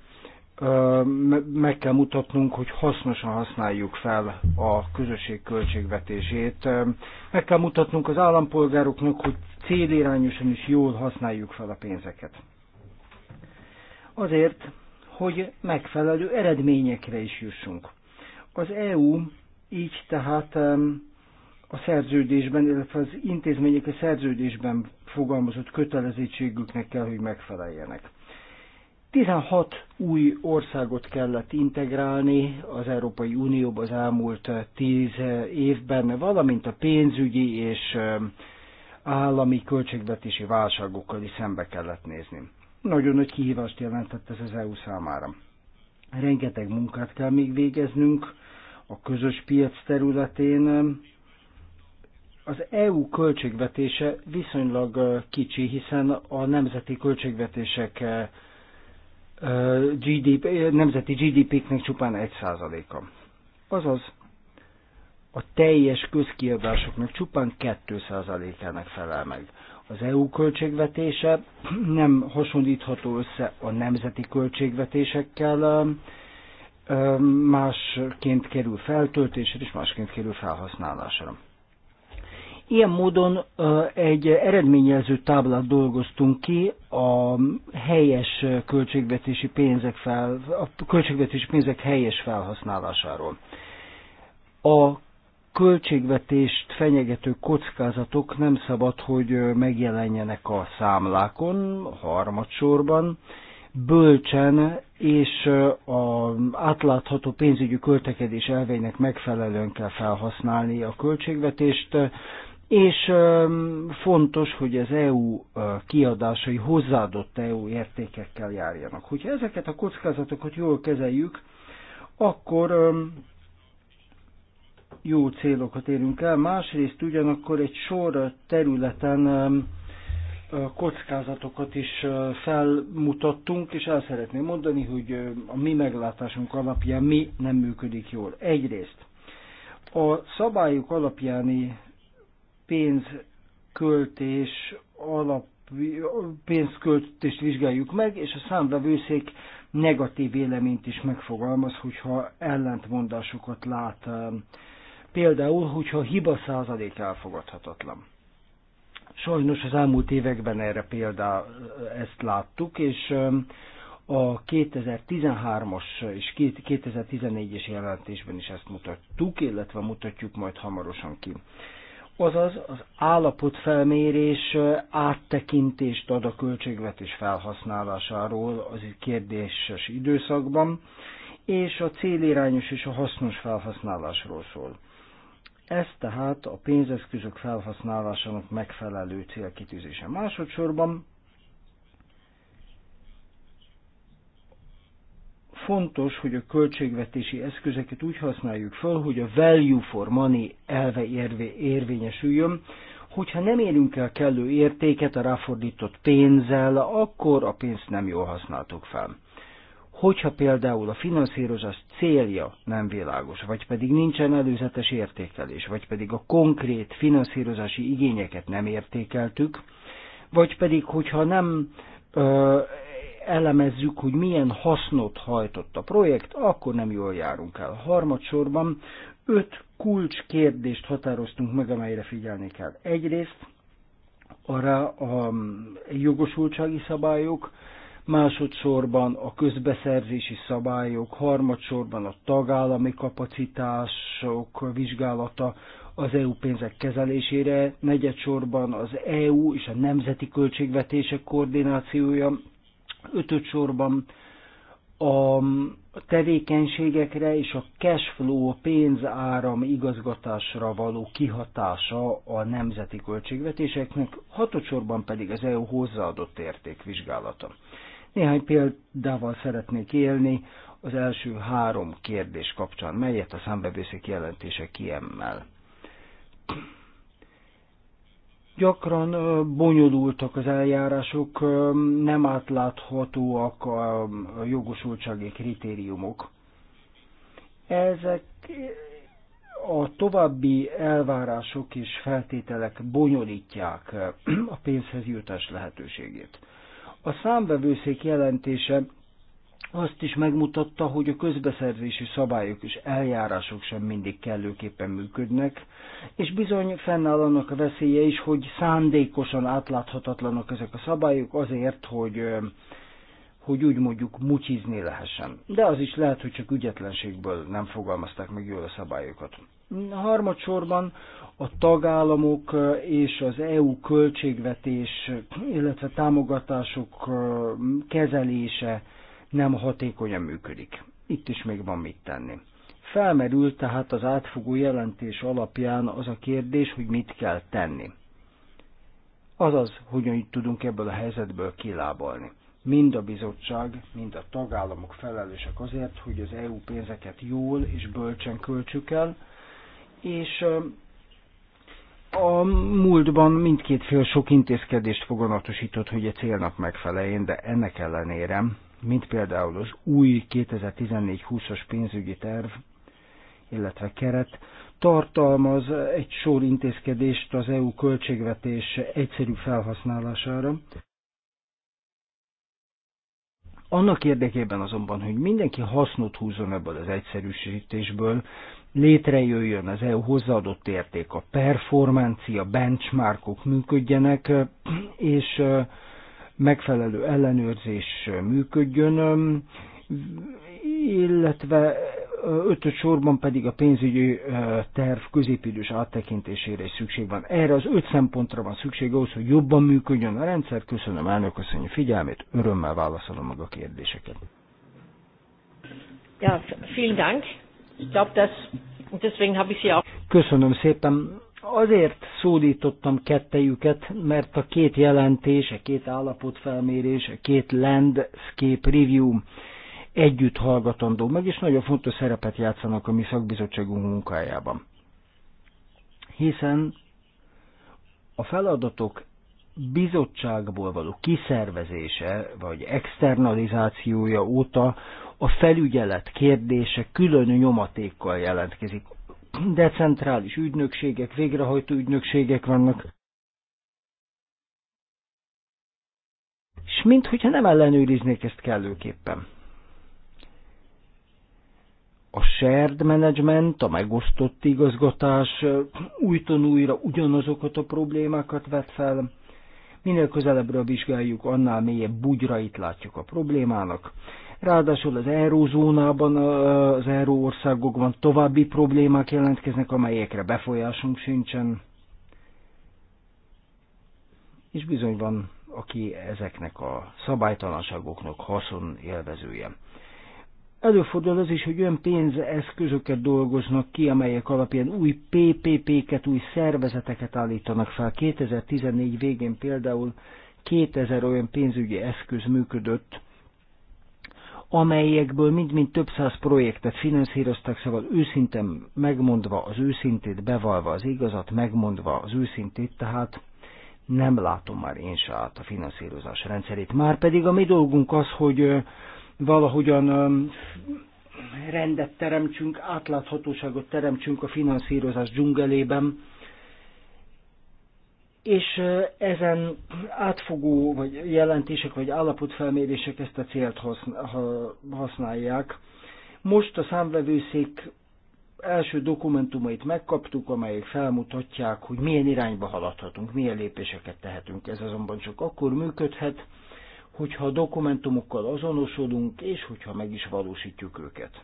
meg kell mutatnunk, hogy hasznosan használjuk fel a közösség költségvetését. Meg kell mutatnunk az állampolgároknak, hogy célirányosan is jól használjuk fel a pénzeket. Azért, hogy megfelelő eredményekre is jussunk. Az EU így tehát a szerződésben, illetve az intézmények a szerződésben fogalmazott kötelezettségüknek kell, hogy megfeleljenek. 16 új országot kellett integrálni az Európai Unióba az elmúlt 10 eh, eh, évben, valamint a pénzügyi és eh, állami költségvetési válságokkal is szembe kellett nézni. Nagyon nagy kihívást jelentett ez az EU számára. Rengeteg munkát kell még végeznünk a közös piac területén. Az EU költségvetése viszonylag kicsi, hiszen a nemzeti költségvetések GDP, nemzeti GDP-knek csupán 1%-a. Azaz, a teljes közkiadásoknak csupán 2%-ának felel meg. Az EU költségvetése nem hasonlítható össze a nemzeti költségvetésekkel, másként kerül feltöltésre és másként kerül felhasználásra. Ilyen módon egy eredményjelző táblát dolgoztunk ki a helyes költségvetési pénzek, fel, a költségvetési pénzek helyes felhasználásáról. A költségvetést fenyegető kockázatok nem szabad, hogy megjelenjenek a számlákon, harmadsorban, bölcsen és a átlátható pénzügyi költekedés elveinek megfelelően kell felhasználni a költségvetést, és fontos, hogy az EU kiadásai hozzáadott EU értékekkel járjanak. Hogyha ezeket a kockázatokat jól kezeljük, akkor jó célokat érünk el, másrészt ugyanakkor egy sor területen kockázatokat is felmutattunk, és el szeretném mondani, hogy a mi meglátásunk alapján mi nem működik jól. Egyrészt a szabályok alapjáni pénzköltés alap pénzköltést vizsgáljuk meg, és a számlavőszék negatív véleményt is megfogalmaz, hogyha ellentmondásokat lát. Um, például, hogyha a hiba százalék elfogadhatatlan. Sajnos az elmúlt években erre például ezt láttuk, és um, a 2013-as és 2014-es jelentésben is ezt mutattuk, illetve mutatjuk majd hamarosan ki azaz az állapotfelmérés áttekintést ad a költségvetés felhasználásáról az kérdéses időszakban, és a célirányos és a hasznos felhasználásról szól. Ez tehát a pénzeszközök felhasználásának megfelelő célkitűzése. Másodszorban fontos, hogy a költségvetési eszközeket úgy használjuk fel, hogy a value for money elve érvé, érvényesüljön. Hogyha nem érünk el kellő értéket a ráfordított pénzzel, akkor a pénzt nem jól használtuk fel. Hogyha például a finanszírozás célja nem világos, vagy pedig nincsen előzetes értékelés, vagy pedig a konkrét finanszírozási igényeket nem értékeltük, vagy pedig hogyha nem ö, elemezzük, hogy milyen hasznot hajtott a projekt, akkor nem jól járunk el. Harmadsorban öt kulcskérdést határoztunk meg, amelyre figyelni kell. Egyrészt arra a jogosultsági szabályok, másodszorban a közbeszerzési szabályok, harmadsorban a tagállami kapacitások vizsgálata, az EU pénzek kezelésére, negyedsorban az EU és a nemzeti költségvetések koordinációja, Ötöt sorban a tevékenységekre és a cash flow, a pénzáram igazgatásra való kihatása a nemzeti költségvetéseknek, sorban pedig az EU hozzáadott érték vizsgálata. Néhány példával szeretnék élni az első három kérdés kapcsán, melyet a számbevőszék jelentése kiemel. Gyakran bonyolultak az eljárások, nem átláthatóak a jogosultsági kritériumok. Ezek a további elvárások és feltételek bonyolítják a pénzhez jutás lehetőségét. A számvevőszék jelentése azt is megmutatta, hogy a közbeszerzési szabályok és eljárások sem mindig kellőképpen működnek, és bizony fennáll annak a veszélye is, hogy szándékosan átláthatatlanak ezek a szabályok azért, hogy, hogy úgy mondjuk mutyizni lehessen. De az is lehet, hogy csak ügyetlenségből nem fogalmazták meg jól a szabályokat. Harmadsorban a tagállamok és az EU költségvetés, illetve támogatások kezelése, nem hatékonyan működik. Itt is még van mit tenni. Felmerül tehát az átfogó jelentés alapján az a kérdés, hogy mit kell tenni. Azaz, hogyan tudunk ebből a helyzetből kilábalni. Mind a bizottság, mind a tagállamok felelősek azért, hogy az EU pénzeket jól és bölcsen költsük el, és a múltban mindkét fél sok intézkedést foganatosított, hogy a célnak megfeleljen, de ennek ellenére mint például az új 2014-20-as pénzügyi terv, illetve keret, tartalmaz egy sor intézkedést az EU költségvetés egyszerű felhasználására. Annak érdekében azonban, hogy mindenki hasznot húzzon ebből az egyszerűsítésből, létrejöjjön az EU hozzáadott érték, a performancia, benchmarkok működjenek, és megfelelő ellenőrzés működjön, illetve ötöt sorban pedig a pénzügyi terv középidős áttekintésére is szükség van. Erre az öt szempontra van szükség ahhoz, hogy jobban működjön a rendszer. Köszönöm elnök asszony figyelmét, örömmel válaszolom meg a kérdéseket. Ja, vielen Dank. Ich glaube, dass, deswegen habe ich Sie auch. Köszönöm szépen. Azért szólítottam kettejüket, mert a két jelentés, a két állapotfelmérés, a két landscape review együtt hallgatandó meg, és nagyon fontos szerepet játszanak a mi szakbizottságunk munkájában. Hiszen a feladatok bizottságból való kiszervezése vagy externalizációja óta a felügyelet kérdése külön nyomatékkal jelentkezik decentrális ügynökségek, végrehajtó ügynökségek vannak. És minthogyha nem ellenőriznék ezt kellőképpen. A shared management, a megosztott igazgatás újton újra ugyanazokat a problémákat vet fel, minél közelebbre vizsgáljuk, annál mélyebb bugyrait látjuk a problémának. Ráadásul az eurózónában, az euró országokban további problémák jelentkeznek, amelyekre befolyásunk sincsen. És bizony van, aki ezeknek a szabálytalanságoknak haszon élvezője. Előfordul az is, hogy olyan pénzeszközöket dolgoznak ki, amelyek alapján új PPP-ket, új szervezeteket állítanak fel. 2014 végén például 2000 olyan pénzügyi eszköz működött, amelyekből mind-mind több száz projektet finanszíroztak, szóval őszintén megmondva az őszintét, bevalva az igazat, megmondva az őszintét, tehát nem látom már én se át a finanszírozás rendszerét. pedig a mi dolgunk az, hogy valahogyan rendet teremtsünk, átláthatóságot teremtsünk a finanszírozás dzsungelében, és ezen átfogó vagy jelentések vagy állapotfelmérések ezt a célt használják. Most a számvevőszék első dokumentumait megkaptuk, amelyek felmutatják, hogy milyen irányba haladhatunk, milyen lépéseket tehetünk. Ez azonban csak akkor működhet, hogyha a dokumentumokkal azonosodunk és hogyha meg is valósítjuk őket.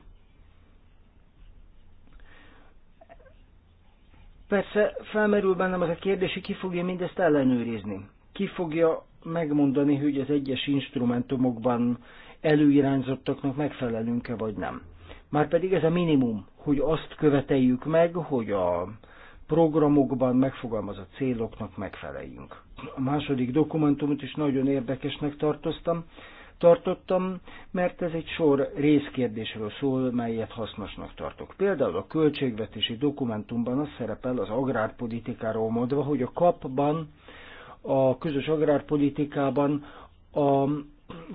Persze felmerül bennem az a kérdés, hogy ki fogja mindezt ellenőrizni. Ki fogja megmondani, hogy az egyes instrumentumokban előirányzottaknak megfelelünk-e vagy nem. Márpedig ez a minimum, hogy azt követeljük meg, hogy a programokban megfogalmazott céloknak megfeleljünk. A második dokumentumot is nagyon érdekesnek tartoztam, tartottam, mert ez egy sor részkérdésről szól, melyet hasznosnak tartok. Például a költségvetési dokumentumban az szerepel az agrárpolitikáról mondva, hogy a kapban, a közös agrárpolitikában a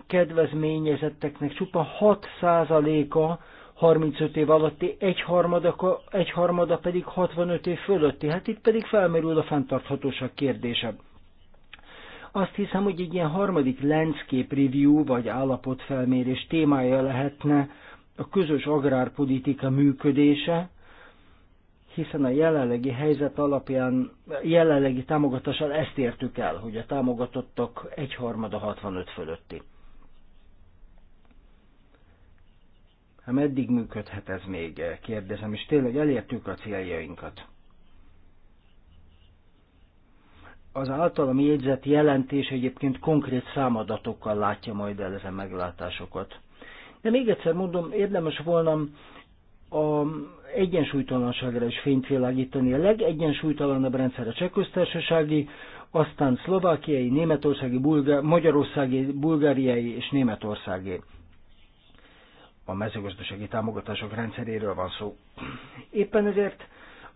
kedvezményezetteknek csupa 6%-a 35 év alatti, egyharmada, egyharmada pedig 65 év fölötti. Hát itt pedig felmerül a fenntarthatóság kérdése. Azt hiszem, hogy egy ilyen harmadik landscape review vagy állapotfelmérés témája lehetne a közös agrárpolitika működése, hiszen a jelenlegi helyzet alapján, jelenlegi támogatással ezt értük el, hogy a támogatottak egyharmada 65 fölötti. Hát meddig működhet ez még, kérdezem, és tényleg elértük a céljainkat. az általam jegyzett jelentés egyébként konkrét számadatokkal látja majd el ezen meglátásokat. De még egyszer mondom, érdemes volna a egyensúlytalanságra is fényt világítani. A legegyensúlytalanabb rendszer a csekköztársasági, aztán szlovákiai, németországi, bulgár, magyarországi, bulgáriai és németországi. A mezőgazdasági támogatások rendszeréről van szó. Éppen ezért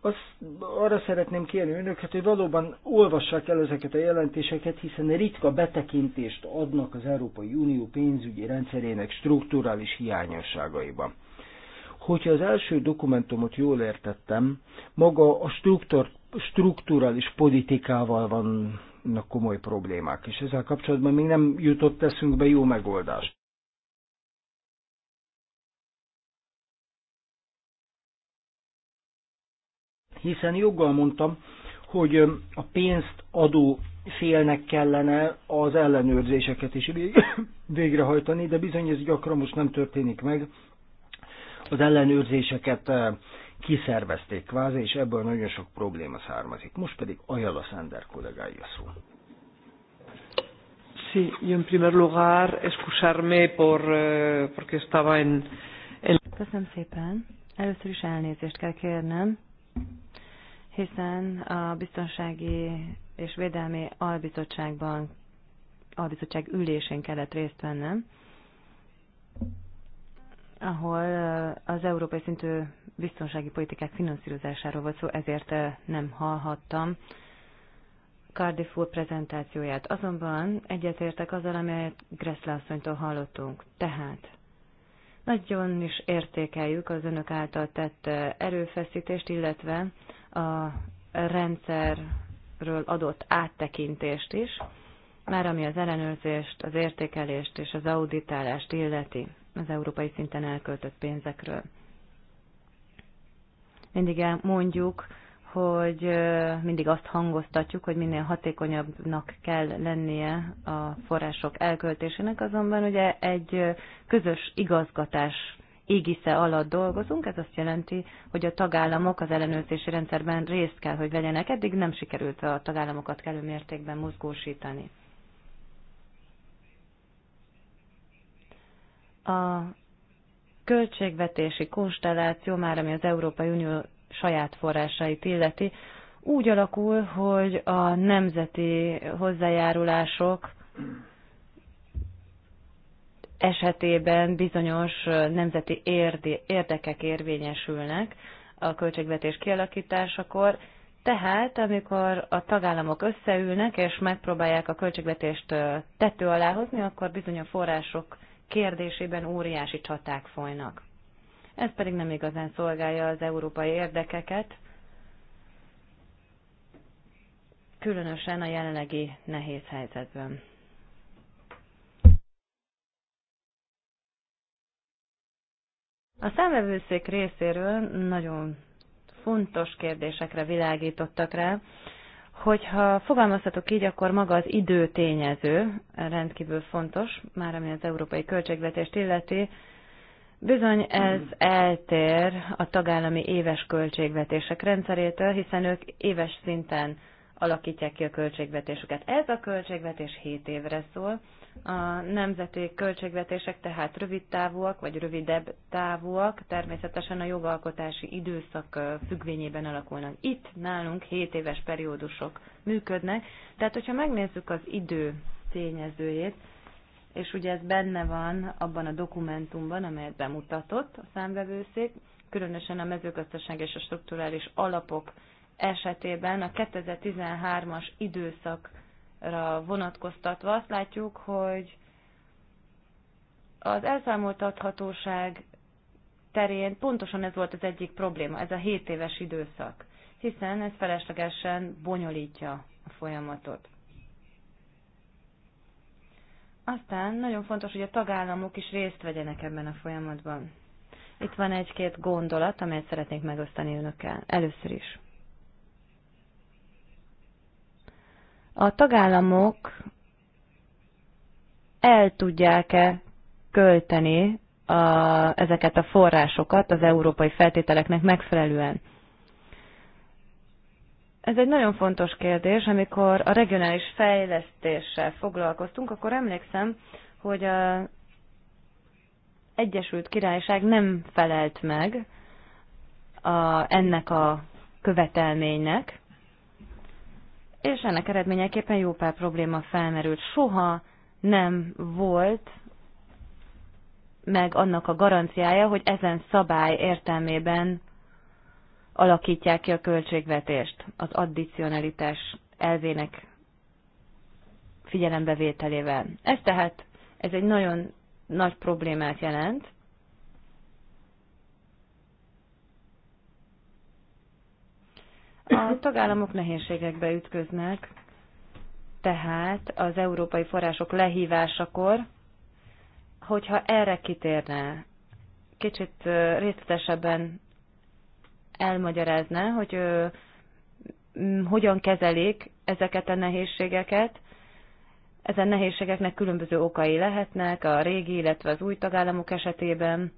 azt arra szeretném kérni önöket, hogy valóban olvassák el ezeket a jelentéseket, hiszen ritka betekintést adnak az Európai Unió pénzügyi rendszerének strukturális hiányosságaiba. Hogyha az első dokumentumot jól értettem, maga a struktúr, strukturális politikával vannak komoly problémák, és ezzel kapcsolatban még nem jutott eszünkbe jó megoldást. hiszen joggal mondtam, hogy a pénzt adó félnek kellene az ellenőrzéseket is végrehajtani, de bizony ez gyakran most nem történik meg. Az ellenőrzéseket kiszervezték kvázi, és ebből nagyon sok probléma származik. Most pedig Ajala Szender kollégája szó. Sí, yo en primer lugar excusarme por, eh, porque estaba en, en... Köszönöm szépen. Először is elnézést kell kérnem, hiszen a biztonsági és védelmi albizottságban, albizottság ülésén kellett részt vennem, ahol az európai szintű biztonsági politikák finanszírozásáról volt szó, ezért nem hallhattam Cardiff úr prezentációját. Azonban egyetértek azzal, amelyet Gressle asszonytól hallottunk. Tehát nagyon is értékeljük az önök által tett erőfeszítést, illetve a rendszerről adott áttekintést is, már ami az ellenőrzést, az értékelést és az auditálást illeti az európai szinten elköltött pénzekről. Mindig mondjuk, hogy mindig azt hangoztatjuk, hogy minél hatékonyabbnak kell lennie a források elköltésének, azonban ugye egy közös igazgatás égisze alatt dolgozunk, ez azt jelenti, hogy a tagállamok az ellenőrzési rendszerben részt kell, hogy vegyenek. Eddig nem sikerült a tagállamokat kellő mértékben mozgósítani. A költségvetési konstelláció már, ami az Európai Unió saját forrásait illeti, úgy alakul, hogy a nemzeti hozzájárulások esetében bizonyos nemzeti érdekek érvényesülnek a költségvetés kialakításakor, tehát, amikor a tagállamok összeülnek és megpróbálják a költségvetést tető alá hozni, akkor bizony a források kérdésében óriási csaták folynak. Ez pedig nem igazán szolgálja az európai érdekeket, különösen a jelenlegi nehéz helyzetben. A számvevőszék részéről nagyon fontos kérdésekre világítottak rá, hogyha fogalmazhatok így, akkor maga az időtényező rendkívül fontos, már ami az európai költségvetést illeti, Bizony ez eltér a tagállami éves költségvetések rendszerétől, hiszen ők éves szinten alakítják ki a költségvetésüket. Ez a költségvetés 7 évre szól, a nemzeti költségvetések tehát rövid távúak, vagy rövidebb távúak, természetesen a jogalkotási időszak függvényében alakulnak. Itt nálunk 7 éves periódusok működnek, tehát hogyha megnézzük az idő tényezőjét, és ugye ez benne van abban a dokumentumban, amelyet bemutatott a számvevőszék, különösen a mezőgazdaság és a strukturális alapok esetében a 2013-as időszak ra vonatkoztatva azt látjuk, hogy az elszámoltathatóság terén pontosan ez volt az egyik probléma, ez a 7 éves időszak, hiszen ez feleslegesen bonyolítja a folyamatot. Aztán nagyon fontos, hogy a tagállamok is részt vegyenek ebben a folyamatban. Itt van egy-két gondolat, amelyet szeretnék megosztani önökkel. Először is. a tagállamok el tudják-e költeni a, ezeket a forrásokat az európai feltételeknek megfelelően. Ez egy nagyon fontos kérdés, amikor a regionális fejlesztéssel foglalkoztunk, akkor emlékszem, hogy a Egyesült Királyság nem felelt meg a, ennek a követelménynek, és ennek eredményeképpen jó pár probléma felmerült. Soha nem volt meg annak a garanciája, hogy ezen szabály értelmében alakítják ki a költségvetést az addicionalitás elvének figyelembevételével. Ez tehát ez egy nagyon nagy problémát jelent, A tagállamok nehézségekbe ütköznek, tehát az európai források lehívásakor, hogyha erre kitérne, kicsit részletesebben elmagyarázná, hogy ö, hogyan kezelik ezeket a nehézségeket. Ezen nehézségeknek különböző okai lehetnek a régi, illetve az új tagállamok esetében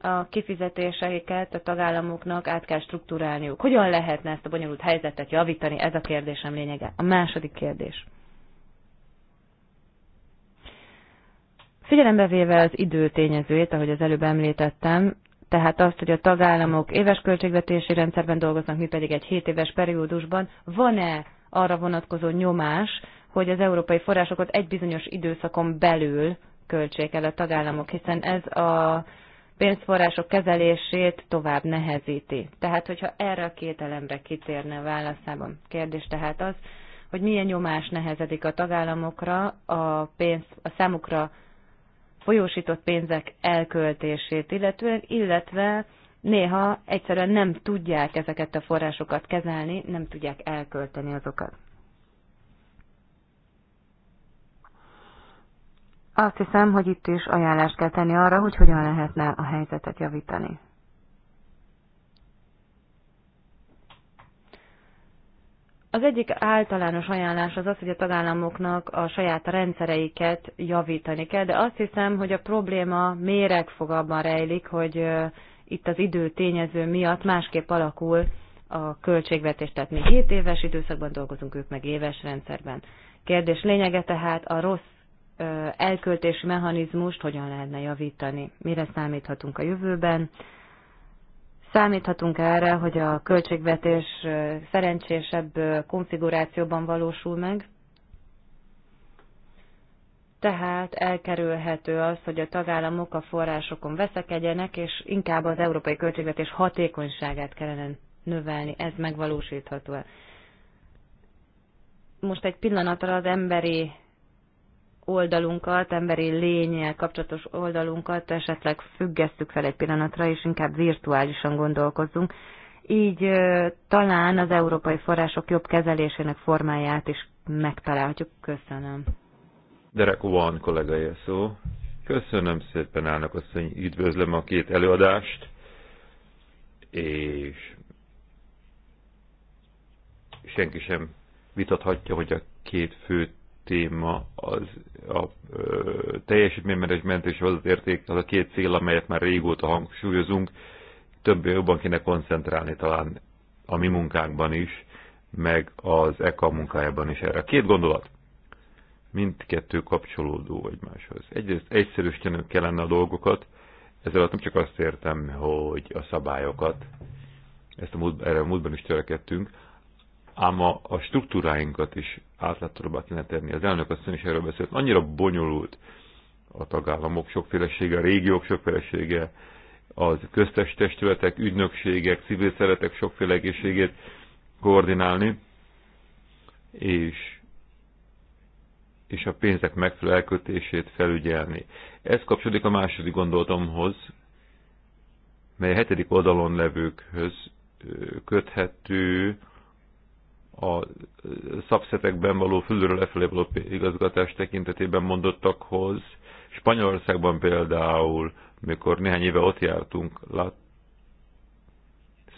a kifizetéseiket a tagállamoknak át kell struktúrálniuk. Hogyan lehetne ezt a bonyolult helyzetet javítani? Ez a kérdésem lényege. A második kérdés. Figyelembe véve az idő tényezőjét, ahogy az előbb említettem, tehát azt, hogy a tagállamok éves költségvetési rendszerben dolgoznak, mi pedig egy 7 éves periódusban, van-e arra vonatkozó nyomás, hogy az európai forrásokat egy bizonyos időszakon belül költsék el a tagállamok, hiszen ez a pénzforrások kezelését tovább nehezíti. Tehát, hogyha erre a két elemre kitérne a válaszában, kérdés tehát az, hogy milyen nyomás nehezedik a tagállamokra a, pénz, a számukra folyósított pénzek elköltését, illetve, illetve néha egyszerűen nem tudják ezeket a forrásokat kezelni, nem tudják elkölteni azokat. Azt hiszem, hogy itt is ajánlást kell tenni arra, hogy hogyan lehetne a helyzetet javítani. Az egyik általános ajánlás az az, hogy a tagállamoknak a saját rendszereiket javítani kell, de azt hiszem, hogy a probléma méregfogabban rejlik, hogy itt az idő tényező miatt másképp alakul a költségvetés, tehát mi 7 éves időszakban dolgozunk, ők meg éves rendszerben. Kérdés lényege tehát a rossz elköltési mechanizmust hogyan lehetne javítani, mire számíthatunk a jövőben. Számíthatunk erre, hogy a költségvetés szerencsésebb konfigurációban valósul meg, tehát elkerülhető az, hogy a tagállamok a forrásokon veszekedjenek, és inkább az európai költségvetés hatékonyságát kellene növelni. Ez megvalósítható. Most egy pillanatra az emberi oldalunkat, emberi lényel kapcsolatos oldalunkat esetleg függesztük fel egy pillanatra, és inkább virtuálisan gondolkozzunk. Így talán az európai források jobb kezelésének formáját is megtalálhatjuk. Köszönöm. Derek One kollégája szó. Köszönöm szépen, állnak hogy üdvözlöm a két előadást, és senki sem vitathatja, hogy a két fő téma az a teljesítménymenedzsment és az érték, az a két cél, amelyet már régóta hangsúlyozunk, többé jobban kéne koncentrálni talán a mi munkánkban is, meg az ECA munkájában is erre. Két gondolat. Mindkettő kapcsolódó egymáshoz. Egyrészt egyszerűsítenünk kellene a dolgokat, ezzel nem csak azt értem, hogy a szabályokat, ezt a múlt, erre a múltban is törekedtünk, ám a, a struktúráinkat is átláthatóbbá kéne tenni. Az elnök asszony is erről beszélt. Annyira bonyolult a tagállamok sokfélesége, a régiók sokfélesége, az köztes testületek, ügynökségek, civil szeretek sokféle egészségét koordinálni, és, és a pénzek megfelelő elkötését felügyelni. Ez kapcsolódik a második gondolatomhoz, mely a hetedik oldalon levőkhöz köthető, a szakszetekben való fülről lefelé való igazgatás tekintetében mondottakhoz. Spanyolországban például, mikor néhány éve ott jártunk, lát,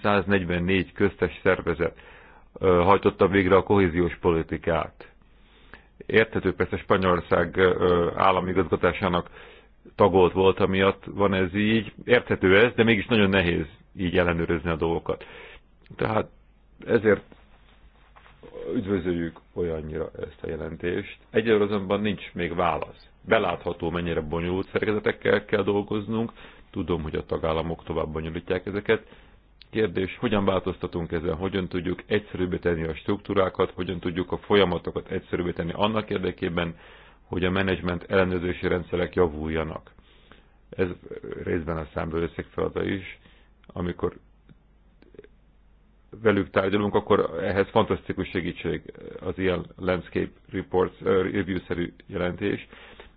144 köztes szervezet hajtotta végre a kohéziós politikát. Érthető persze Spanyolország állami igazgatásának tagolt volt, amiatt van ez így. Érthető ez, de mégis nagyon nehéz így ellenőrizni a dolgokat. Tehát ezért üdvözöljük olyannyira ezt a jelentést. Egyelőre azonban nincs még válasz. Belátható, mennyire bonyolult szerkezetekkel kell dolgoznunk. Tudom, hogy a tagállamok tovább bonyolítják ezeket. Kérdés, hogyan változtatunk ezen, hogyan tudjuk egyszerűbbé tenni a struktúrákat, hogyan tudjuk a folyamatokat egyszerűbbé tenni annak érdekében, hogy a menedzsment ellenőrzési rendszerek javuljanak. Ez részben a számből feladat is, amikor velük tárgyalunk, akkor ehhez fantasztikus segítség az ilyen landscape reports, review-szerű jelentés.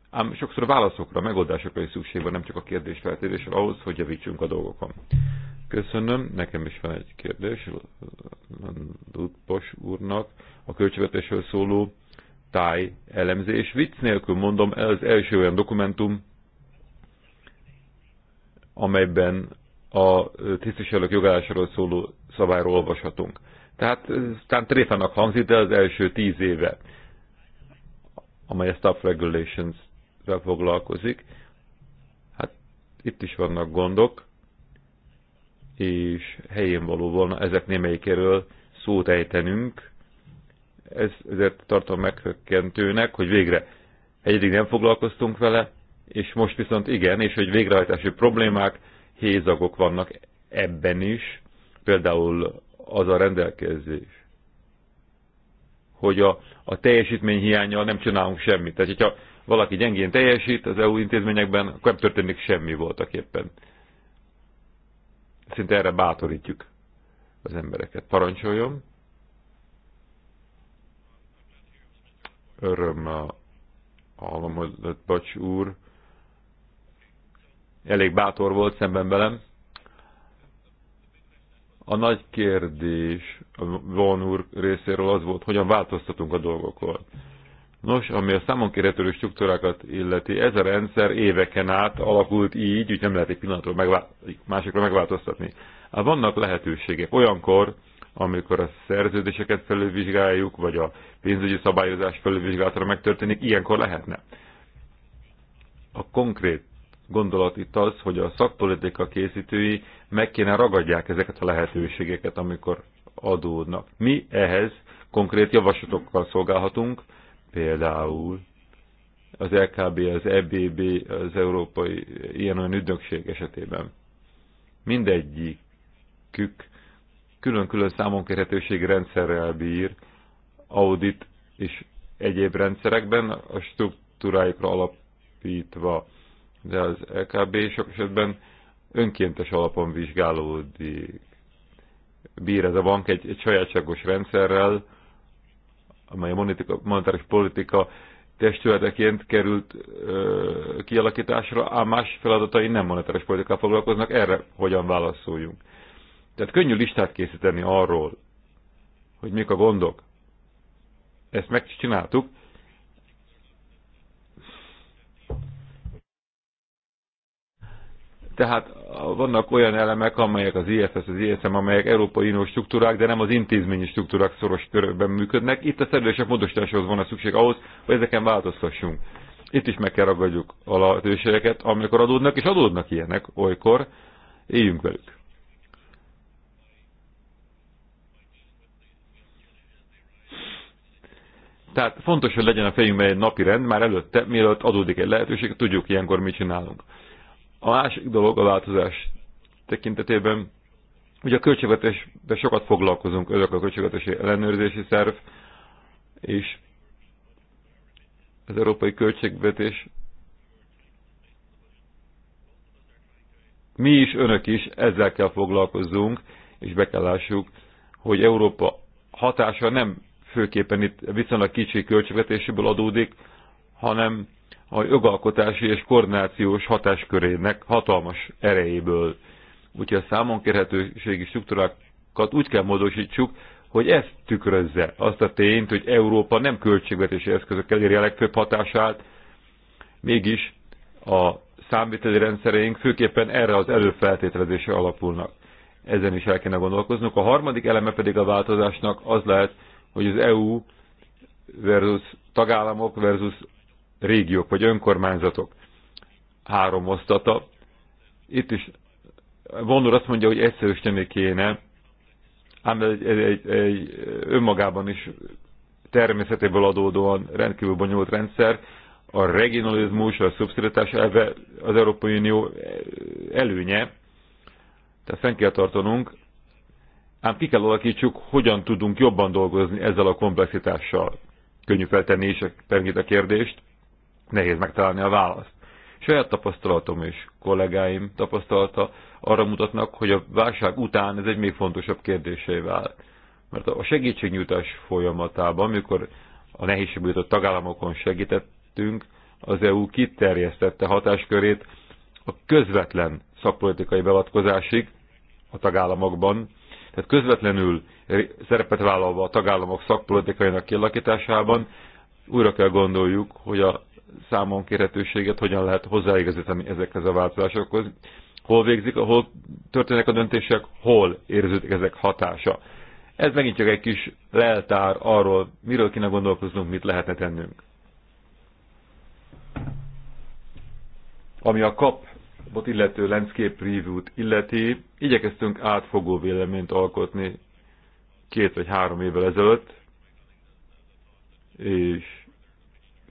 Ám sokszor válaszokra, megoldásokra is szükség van, nem csak a kérdés feltérésre, ahhoz, hogy javítsunk a dolgokon. Köszönöm, nekem is van egy kérdés Dudpos úrnak. A költségvetésről szóló táj elemzés. Vicc nélkül mondom, ez az első olyan dokumentum, amelyben a tisztviselők jogállásáról szóló szabályról olvashatunk. Tehát talán tréfának hangzik, de az első tíz éve, amely a Staff regulations foglalkozik. Hát itt is vannak gondok, és helyén való volna ezek némelyikéről szót ejtenünk. Ez, ezért tartom meghökkentőnek, hogy végre egyedig nem foglalkoztunk vele, és most viszont igen, és hogy végrehajtási problémák, hézagok vannak ebben is, Például az a rendelkezés, hogy a, a teljesítményhiányjal nem csinálunk semmit. Tehát, hogyha valaki gyengén teljesít az EU intézményekben, akkor nem történik semmi voltak éppen. Szinte erre bátorítjuk az embereket. Parancsoljon! Örömmel hallom, hogy Bacs úr elég bátor volt szemben velem. A nagy kérdés a Von úr részéről az volt, hogyan változtatunk a dolgokon. Nos, ami a számon kérhető struktúrákat illeti, ez a rendszer éveken át alakult így, úgy nem lehet egy pillanatról megvá másikra megváltoztatni. Hát vannak lehetőségek. Olyankor, amikor a szerződéseket felülvizsgáljuk, vagy a pénzügyi szabályozás felülvizsgálatra megtörténik, ilyenkor lehetne. A konkrét gondolat itt az, hogy a szakpolitika készítői meg kéne ragadják ezeket a lehetőségeket, amikor adódnak. Mi ehhez konkrét javaslatokkal szolgálhatunk, például az LKB, az EBB, az Európai ilyen olyan ügynökség esetében. Mindegyikük külön-külön számonkérhetőségi rendszerrel bír, audit és egyéb rendszerekben a struktúráikra alapítva de az LKB sok esetben önkéntes alapon vizsgálódik. Bír ez a bank egy, egy sajátságos rendszerrel, amely a monetáris politika testületeként került ö, kialakításra, ám más feladatai nem monetáris politikával foglalkoznak, erre hogyan válaszoljunk. Tehát könnyű listát készíteni arról, hogy mik a gondok. Ezt megcsináltuk, Tehát vannak olyan elemek, amelyek az IFS, az ISM, amelyek Európai Uniós struktúrák, de nem az intézményi struktúrák szoros körben működnek. Itt a szerződések módosításhoz van a szükség ahhoz, hogy ezeken változtassunk. Itt is meg kell ragadjuk a lehetőségeket, amikor adódnak, és adódnak ilyenek, olykor éljünk velük. Tehát fontos, hogy legyen a fejünkben egy napi rend, már előtte, mielőtt adódik egy lehetőség, tudjuk ilyenkor mit csinálunk. A másik dolog a változás tekintetében, ugye a költségvetésben sokat foglalkozunk, ezek a költségvetési ellenőrzési szerv, és az európai költségvetés mi is, önök is ezzel kell foglalkozzunk, és be kell lássuk, hogy Európa hatása nem főképpen itt viszonylag kicsi költségvetéséből adódik, hanem a jogalkotási és koordinációs hatáskörének hatalmas erejéből. Úgyhogy a számon kérhetőségi struktúrákat úgy kell módosítsuk, hogy ezt tükrözze azt a tényt, hogy Európa nem költségvetési eszközökkel éri a legfőbb hatását, mégis a számviteli rendszereink főképpen erre az előfeltételezésre alapulnak. Ezen is el kéne gondolkoznunk. A harmadik eleme pedig a változásnak az lehet, hogy az EU versus tagállamok versus régiók vagy önkormányzatok három osztata. Itt is Vonor azt mondja, hogy egyszerűsíteni kéne, ám egy, egy, egy, egy önmagában is természetéből adódóan rendkívül bonyolult rendszer, a regionalizmus, a szubszidatás elve az Európai Unió előnye, tehát fenn kell tartanunk, ám ki kell alakítsuk, hogyan tudunk jobban dolgozni ezzel a komplexitással. Könnyű feltenni is a kérdést, nehéz megtalálni a választ. Saját tapasztalatom és kollégáim tapasztalata arra mutatnak, hogy a válság után ez egy még fontosabb kérdésé vált. Mert a segítségnyújtás folyamatában, amikor a nehézségből jutott tagállamokon segítettünk, az EU kiterjesztette hatáskörét a közvetlen szakpolitikai beavatkozásig a tagállamokban, tehát közvetlenül szerepet vállalva a tagállamok szakpolitikainak kialakításában újra kell gondoljuk, hogy a számon kérhetőséget hogyan lehet hozzáigazítani ezekhez a változásokhoz, hol végzik, hol történnek a döntések, hol érződik ezek hatása. Ez megint csak egy kis leltár arról, miről kéne gondolkoznunk, mit lehetne tennünk. Ami a kap bot illető landscape review-t illeti, igyekeztünk átfogó véleményt alkotni két vagy három évvel ezelőtt, és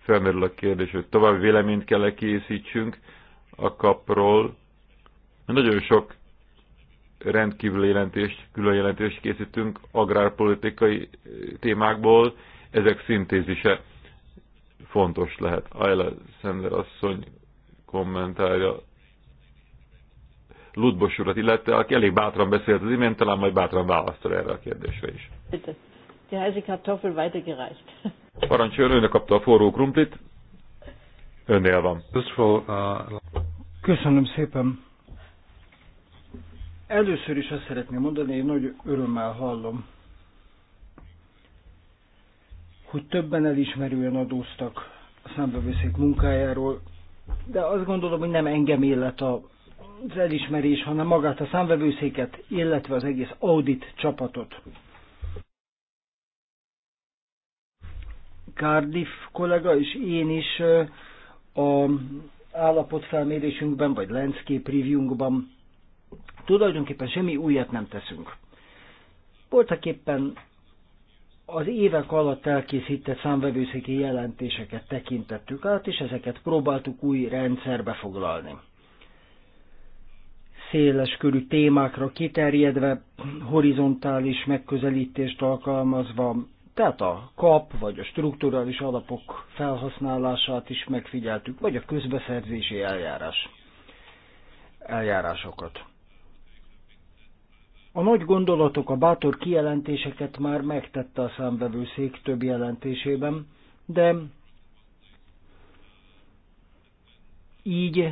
felmerül a kérdés, hogy további véleményt kell -e készítsünk a kapról. Nagyon sok rendkívül jelentést, külön jelentést készítünk agrárpolitikai témákból, ezek szintézise fontos lehet. Ajla Szender asszony kommentálja Ludbos urat, illetve aki elég bátran beszélt az imént, talán majd bátran választol erre a kérdésre is. Ja, ez a kartoffel weitergereicht. Parancsoljon, önök kapta a forró krumplit. Önnél van. Köszönöm szépen. Először is azt szeretném mondani, én nagy örömmel hallom, hogy többen elismerően adóztak a számbevészék munkájáról, de azt gondolom, hogy nem engem illet az elismerés, hanem magát a számvevőszéket, illetve az egész audit csapatot. Cardiff kollega és én is a állapotfelmérésünkben, vagy landscape reviewunkban tulajdonképpen semmi újat nem teszünk. Voltak éppen az évek alatt elkészített számvevőszéki jelentéseket tekintettük át, és ezeket próbáltuk új rendszerbe foglalni. Széles körű témákra kiterjedve, horizontális megközelítést alkalmazva, tehát a kap vagy a strukturális alapok felhasználását is megfigyeltük, vagy a közbeszerzési eljárás eljárásokat. A nagy gondolatok, a bátor kijelentéseket már megtette a számvevőszék több jelentésében, de így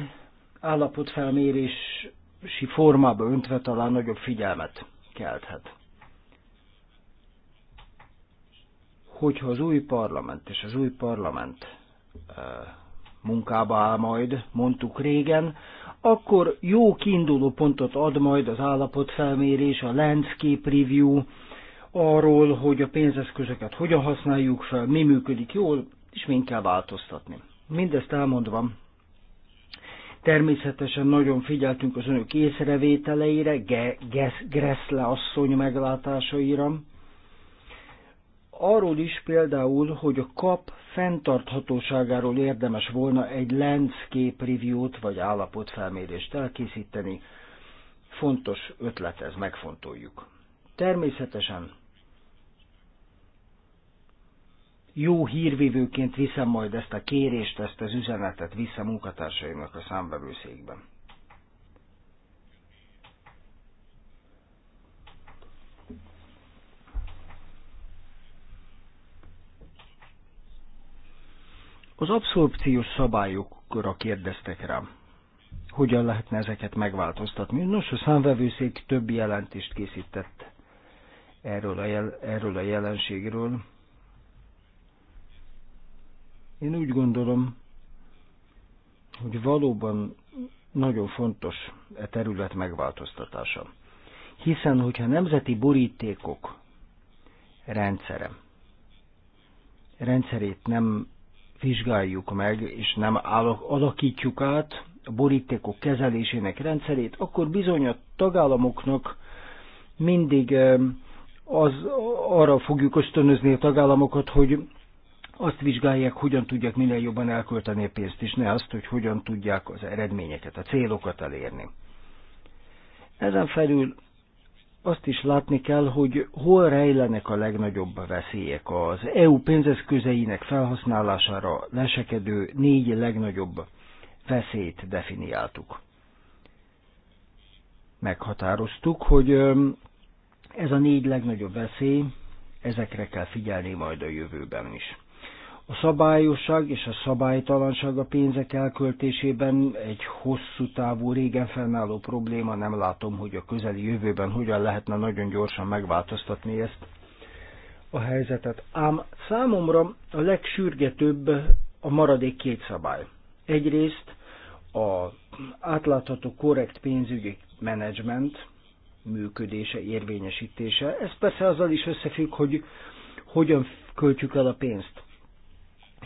állapotfelmérési formába öntve talán nagyobb figyelmet kelthet. hogyha az új parlament és az új parlament munkába áll majd, mondtuk régen, akkor jó kiinduló pontot ad majd az állapotfelmérés, a landscape review arról, hogy a pénzeszközöket hogyan használjuk fel, mi működik jól, és mi kell változtatni. Mindezt elmondva, természetesen nagyon figyeltünk az önök észrevételeire, Gressle asszony meglátásaira, arról is például, hogy a kap fenntarthatóságáról érdemes volna egy landscape review-t vagy állapotfelmérést elkészíteni. Fontos ötlet, ez megfontoljuk. Természetesen jó hírvívőként viszem majd ezt a kérést, ezt az üzenetet vissza munkatársaimnak a számbevőszékben. Az abszorpciós szabályokra kérdeztek rám. Hogyan lehetne ezeket megváltoztatni? Nos, a számvevőszék több jelentést készített erről a, jel- erről a jelenségről. Én úgy gondolom, hogy valóban nagyon fontos e terület megváltoztatása. Hiszen, hogyha nemzeti borítékok rendszere, rendszerét nem vizsgáljuk meg, és nem alakítjuk át a borítékok kezelésének rendszerét, akkor bizony a tagállamoknak mindig az, arra fogjuk ösztönözni a tagállamokat, hogy azt vizsgálják, hogyan tudják minél jobban elkölteni a pénzt, és ne azt, hogy hogyan tudják az eredményeket, a célokat elérni. Ezen felül azt is látni kell, hogy hol rejlenek a legnagyobb veszélyek. Az EU pénzeszközeinek felhasználására lesekedő négy legnagyobb veszélyt definiáltuk. Meghatároztuk, hogy ez a négy legnagyobb veszély, ezekre kell figyelni majd a jövőben is. A szabályosság és a szabálytalanság a pénzek elköltésében egy hosszú távú, régen fennálló probléma. Nem látom, hogy a közeli jövőben hogyan lehetne nagyon gyorsan megváltoztatni ezt a helyzetet. Ám számomra a legsürgetőbb a maradék két szabály. Egyrészt a átlátható, korrekt pénzügyi menedzsment működése, érvényesítése. Ez persze azzal is összefügg, hogy hogyan költjük el a pénzt.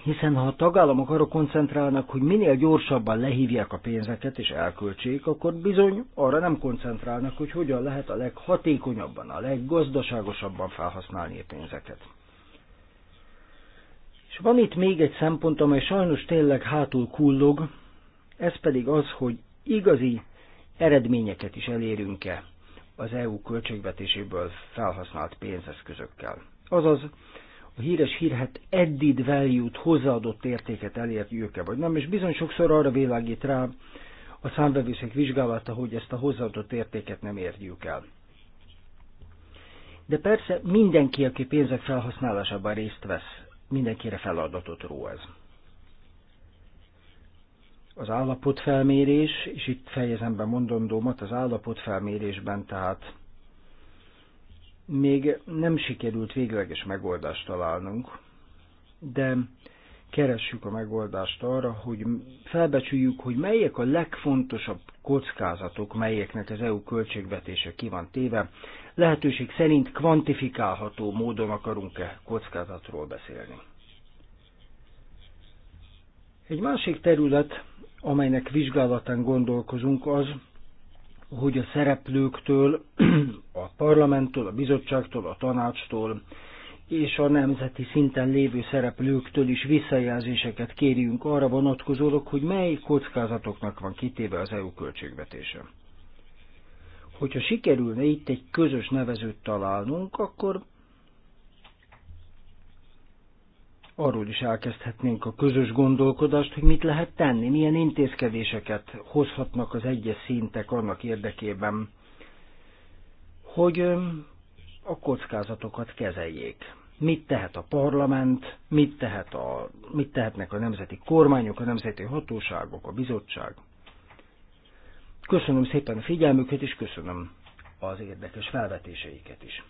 Hiszen ha a tagállamok arra koncentrálnak, hogy minél gyorsabban lehívják a pénzeket és elköltsék, akkor bizony arra nem koncentrálnak, hogy hogyan lehet a leghatékonyabban, a leggazdaságosabban felhasználni a pénzeket. És van itt még egy szempont, amely sajnos tényleg hátul kullog, ez pedig az, hogy igazi eredményeket is elérünk-e az EU költségvetéséből felhasznált pénzeszközökkel. Azaz, a híres hírhet added value-t, hozzáadott értéket elérjük-e vagy nem, és bizony sokszor arra világít rá a számbevőszék vizsgálata, hogy ezt a hozzáadott értéket nem érjük el. De persze mindenki, aki pénzek felhasználásában részt vesz, mindenkire feladatot ró ez. Az állapotfelmérés, és itt fejezem be mondandómat, az állapotfelmérésben tehát még nem sikerült végleges megoldást találnunk, de keressük a megoldást arra, hogy felbecsüljük, hogy melyek a legfontosabb kockázatok, melyeknek az EU költségvetése ki van téve. Lehetőség szerint kvantifikálható módon akarunk-e kockázatról beszélni. Egy másik terület, amelynek vizsgálatán gondolkozunk, az, hogy a szereplőktől, a parlamenttől, a bizottságtól, a tanácstól és a nemzeti szinten lévő szereplőktől is visszajelzéseket kérjünk arra vonatkozólag, hogy mely kockázatoknak van kitéve az EU költségvetése. Hogyha sikerülne itt egy közös nevezőt találnunk, akkor arról is elkezdhetnénk a közös gondolkodást, hogy mit lehet tenni, milyen intézkedéseket hozhatnak az egyes szintek annak érdekében, hogy a kockázatokat kezeljék. Mit tehet a parlament, mit, tehet a, mit tehetnek a nemzeti kormányok, a nemzeti hatóságok, a bizottság. Köszönöm szépen a figyelmüket, és köszönöm az érdekes felvetéseiket is.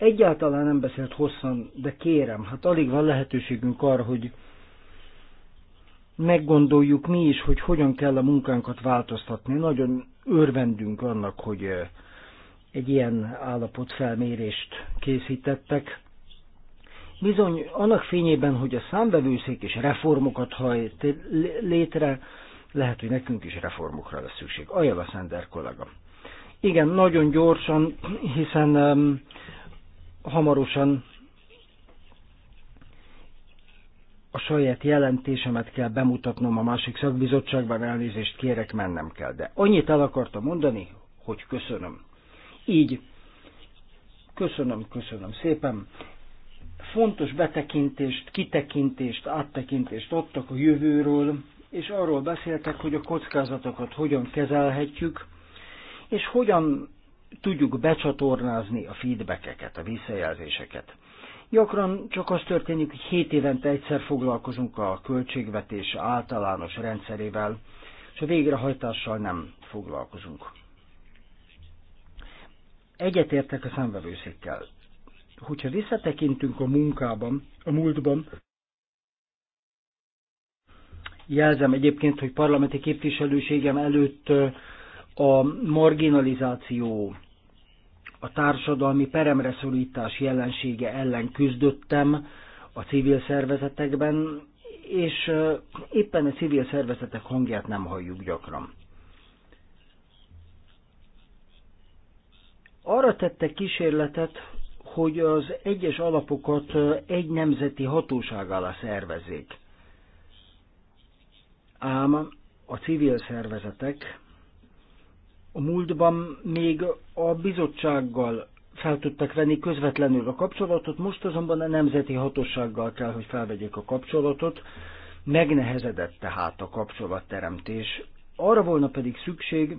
Egyáltalán nem beszélt hosszan, de kérem, hát alig van lehetőségünk arra, hogy meggondoljuk mi is, hogy hogyan kell a munkánkat változtatni. Nagyon örvendünk annak, hogy eh, egy ilyen állapotfelmérést készítettek. Bizony, annak fényében, hogy a számbevőszék is reformokat hajt létre, lehet, hogy nekünk is reformokra lesz szükség. Ajala Szender kollega. Igen, nagyon gyorsan, hiszen um, hamarosan a saját jelentésemet kell bemutatnom a másik szakbizottságban, elnézést kérek, mennem kell. De annyit el akartam mondani, hogy köszönöm. Így, köszönöm, köszönöm szépen. Fontos betekintést, kitekintést, áttekintést adtak a jövőről, és arról beszéltek, hogy a kockázatokat hogyan kezelhetjük, és hogyan tudjuk becsatornázni a feedbackeket, a visszajelzéseket. Gyakran csak az történik, hogy 7 évente egyszer foglalkozunk a költségvetés általános rendszerével, és a végrehajtással nem foglalkozunk. Egyetértek a szemvevőszékkel. Hogyha visszatekintünk a munkában, a múltban, jelzem egyébként, hogy parlamenti képviselőségem előtt a marginalizáció, a társadalmi peremre szorítás jelensége ellen küzdöttem a civil szervezetekben, és éppen a civil szervezetek hangját nem halljuk gyakran. Arra tette kísérletet, hogy az egyes alapokat egy nemzeti hatóság alá szervezzék. Ám a civil szervezetek a múltban még a bizottsággal fel tudtak venni közvetlenül a kapcsolatot, most azonban a nemzeti hatósággal kell, hogy felvegyék a kapcsolatot, megnehezedett tehát a kapcsolatteremtés. Arra volna pedig szükség,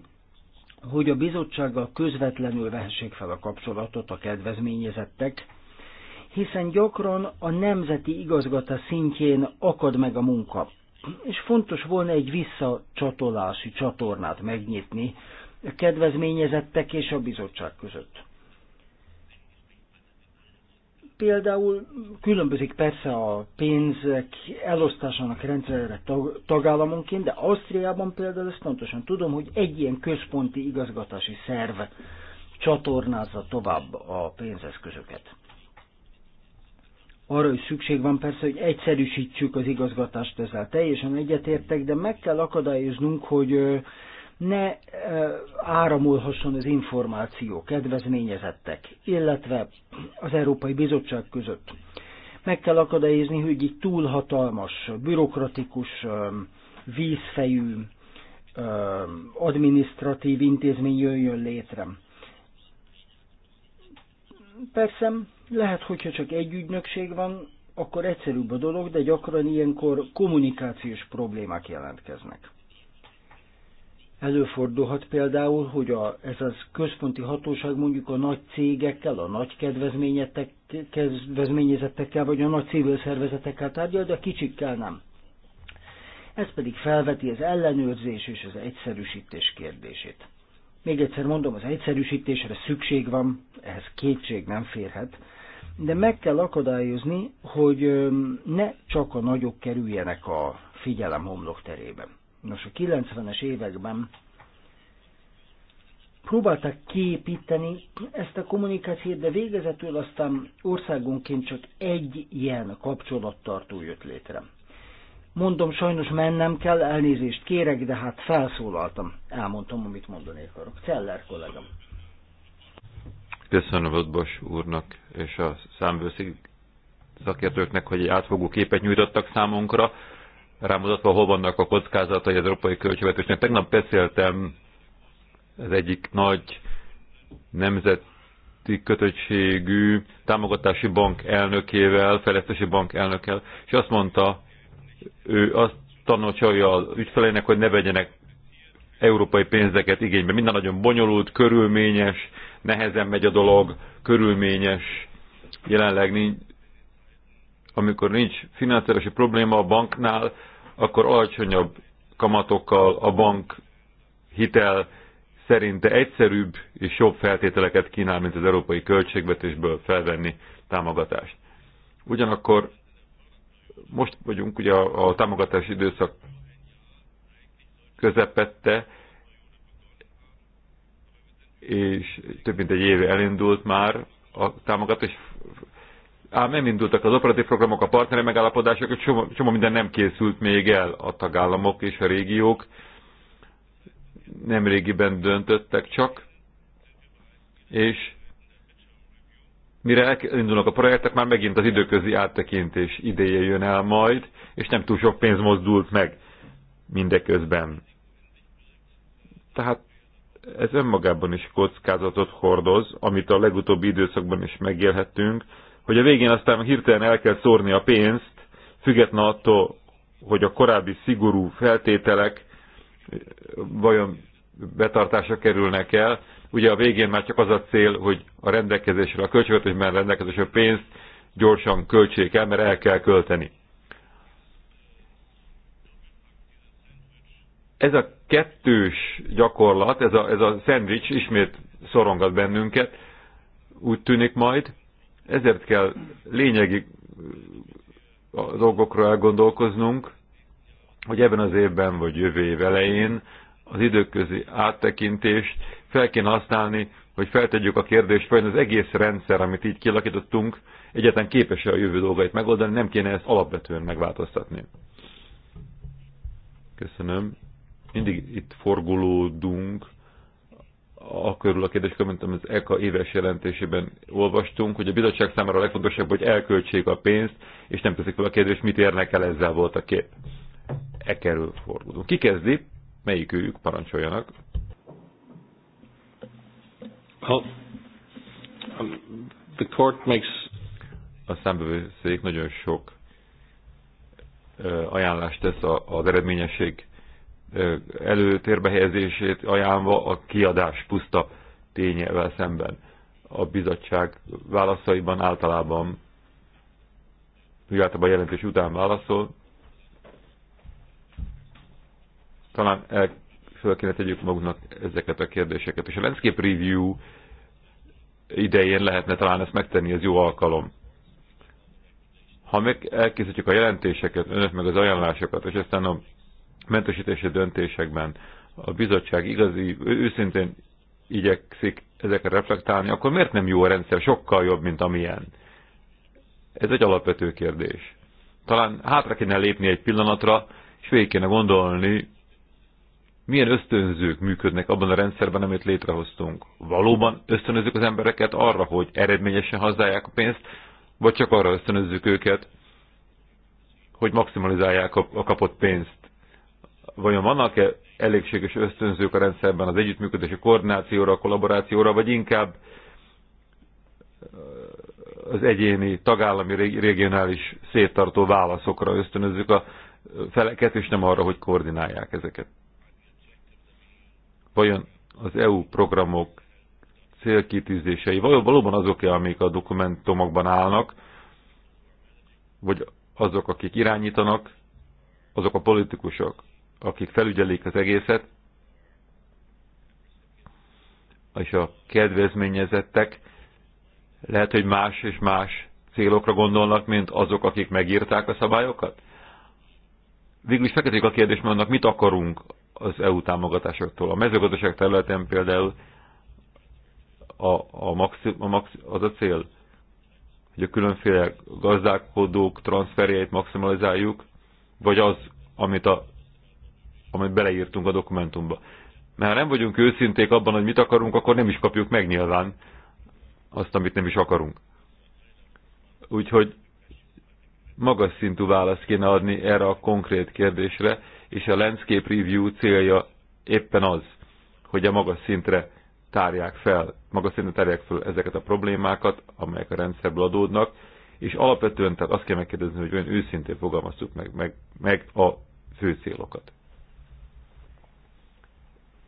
hogy a bizottsággal közvetlenül vehessék fel a kapcsolatot a kedvezményezettek, hiszen gyakran a nemzeti igazgata szintjén akad meg a munka. És fontos volna egy visszacsatolási csatornát megnyitni, kedvezményezettek és a bizottság között. Például különbözik persze a pénzek elosztásának rendszerre tagállamonként, de Ausztriában például ezt pontosan tudom, hogy egy ilyen központi igazgatási szerv csatornázza tovább a pénzeszközöket. Arra is szükség van persze, hogy egyszerűsítsük az igazgatást ezzel. Teljesen egyetértek, de meg kell akadályoznunk, hogy ne áramolhasson az információ kedvezményezettek, illetve az Európai Bizottság között. Meg kell akadályozni, hogy így túlhatalmas, bürokratikus, vízfejű, adminisztratív intézmény jöjjön létre. Persze, lehet, hogyha csak egy ügynökség van, akkor egyszerűbb a dolog, de gyakran ilyenkor kommunikációs problémák jelentkeznek. Előfordulhat például, hogy a, ez az központi hatóság mondjuk a nagy cégekkel, a nagy kedvezményezettekkel, vagy a nagy civil szervezetekkel tárgyal, de a kicsikkel nem. Ez pedig felveti az ellenőrzés és az egyszerűsítés kérdését. Még egyszer mondom, az egyszerűsítésre szükség van, ehhez kétség nem férhet, de meg kell akadályozni, hogy ne csak a nagyok kerüljenek a figyelem homlok terében. Nos, a 90-es években próbáltak kiépíteni ezt a kommunikációt, de végezetül aztán országonként csak egy ilyen kapcsolattartó jött létre. Mondom, sajnos mennem kell, elnézést kérek, de hát felszólaltam. Elmondtam, amit mondani akarok. Celler kollégám. Köszönöm Bos úrnak és a számbőszik szakértőknek, hogy egy átfogó képet nyújtottak számunkra rámutatva, hol vannak a kockázatai az európai költségvetésnek. Tegnap beszéltem az egyik nagy nemzeti kötöttségű támogatási bank elnökével, fejlesztési bank elnökkel, és azt mondta, ő azt tanácsolja az ügyfeleinek, hogy ne vegyenek európai pénzeket igénybe. Minden nagyon bonyolult, körülményes, nehezen megy a dolog, körülményes. Jelenleg nincs, amikor nincs finanszírozási probléma a banknál, akkor alacsonyabb kamatokkal a bank hitel szerinte egyszerűbb és jobb feltételeket kínál, mint az európai költségvetésből felvenni támogatást. Ugyanakkor most vagyunk ugye a, a támogatás időszak közepette, és több mint egy éve elindult már a támogatás, ám nem indultak az operatív programok, a partneri megállapodások, egy csomó, csomó minden nem készült még el a tagállamok és a régiók. Nem régiben döntöttek csak, és mire elindulnak a projektek, már megint az időközi áttekintés ideje jön el majd, és nem túl sok pénz mozdult meg mindeközben. Tehát ez önmagában is kockázatot hordoz, amit a legutóbbi időszakban is megélhettünk, hogy a végén aztán hirtelen el kell szórni a pénzt, független attól, hogy a korábbi szigorú feltételek vajon betartásra kerülnek el. Ugye a végén már csak az a cél, hogy a rendelkezésre, a költségvetésben rendelkezésre pénzt gyorsan költsék el, mert el kell költeni. Ez a kettős gyakorlat, ez a, ez a szendvics ismét szorongat bennünket, úgy tűnik majd, ezért kell lényegi dolgokról elgondolkoznunk, hogy ebben az évben vagy jövő év elején az időközi áttekintést fel kéne használni, hogy feltegyük a kérdést, vajon az egész rendszer, amit így kilakítottunk, egyáltalán képes-e a jövő dolgait megoldani, nem kéne ezt alapvetően megváltoztatni. Köszönöm. Mindig itt forgulódunk a körül a kérdés, amit az ECA éves jelentésében olvastunk, hogy a bizottság számára a legfontosabb, hogy elköltsék a pénzt, és nem teszik fel a kérdést, mit érnek el ezzel volt a kép. E kerül fordulunk. Ki kezdi? Melyik őjük parancsoljanak? um, the court makes... A számbevőszék nagyon sok ajánlást tesz az eredményesség előtérbe helyezését ajánlva a kiadás puszta tényével szemben. A bizottság válaszaiban általában, általában a jelentés után válaszol, talán el, föl kéne tegyük magunknak ezeket a kérdéseket. És a landscape review idején lehetne talán ezt megtenni, ez jó alkalom. Ha meg elkészítjük a jelentéseket, önök meg az ajánlásokat, és aztán a mentesítési döntésekben a bizottság igazi, őszintén igyekszik ezekre reflektálni, akkor miért nem jó a rendszer, sokkal jobb, mint amilyen? Ez egy alapvető kérdés. Talán hátra kéne lépni egy pillanatra, és végig kéne gondolni, milyen ösztönzők működnek abban a rendszerben, amit létrehoztunk. Valóban ösztönözzük az embereket arra, hogy eredményesen hazdálják a pénzt, vagy csak arra ösztönözzük őket, hogy maximalizálják a kapott pénzt vajon vannak-e elégséges ösztönzők a rendszerben az együttműködési koordinációra, a kollaborációra, vagy inkább az egyéni, tagállami, regionális széttartó válaszokra ösztönözzük a feleket, és nem arra, hogy koordinálják ezeket. Vajon az EU programok célkitűzései valóban azok-e, amik a dokumentumokban állnak, vagy azok, akik irányítanak, azok a politikusok, akik felügyelik az egészet, és a kedvezményezettek lehet, hogy más és más célokra gondolnak, mint azok, akik megírták a szabályokat? Végül is feketik a kérdés, annak mit akarunk az EU támogatásoktól. A mezőgazdaság területén például a, a maxi, a maxi, az a cél, hogy a különféle gazdálkodók transferjeit maximalizáljuk, vagy az, amit a amit beleírtunk a dokumentumba. Mert ha nem vagyunk őszinték abban, hogy mit akarunk, akkor nem is kapjuk meg nyilván azt, amit nem is akarunk. Úgyhogy magas szintű választ kéne adni erre a konkrét kérdésre, és a Landscape Review célja éppen az, hogy a magas szintre tárják fel, magas szinten tárják fel ezeket a problémákat, amelyek a rendszerből adódnak, és alapvetően tehát azt kell megkérdezni, hogy olyan őszintén fogalmaztuk meg, meg, meg a fő célokat.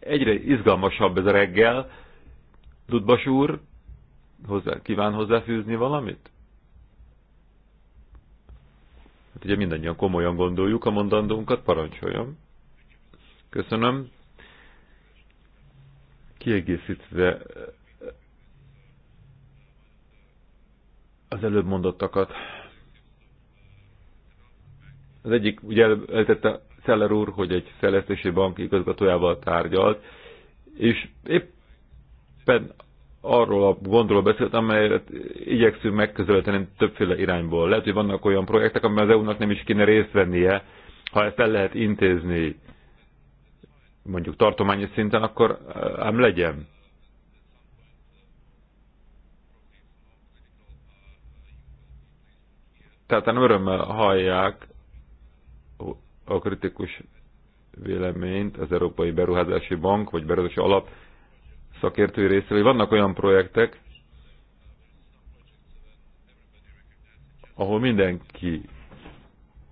Egyre izgalmasabb ez a reggel. Dudbas úr, hozzá, kíván hozzáfűzni valamit? Hát ugye mindannyian komolyan gondoljuk a mondandónkat, parancsoljam, Köszönöm. Kiegészítve eh, az előbb mondottakat. Az egyik ugye eltette Szeller úr, hogy egy fejlesztési bank igazgatójával tárgyalt, és éppen arról a gondról beszélt, amelyet igyekszünk megközelíteni többféle irányból. Lehet, hogy vannak olyan projektek, amiben az EU-nak nem is kéne részt vennie, ha ezt el lehet intézni mondjuk tartományi szinten, akkor eh, ám legyen. Tehát nem örömmel hallják, a kritikus véleményt az Európai Beruházási Bank vagy Beruházási Alap szakértői részéről, hogy vannak olyan projektek, ahol mindenki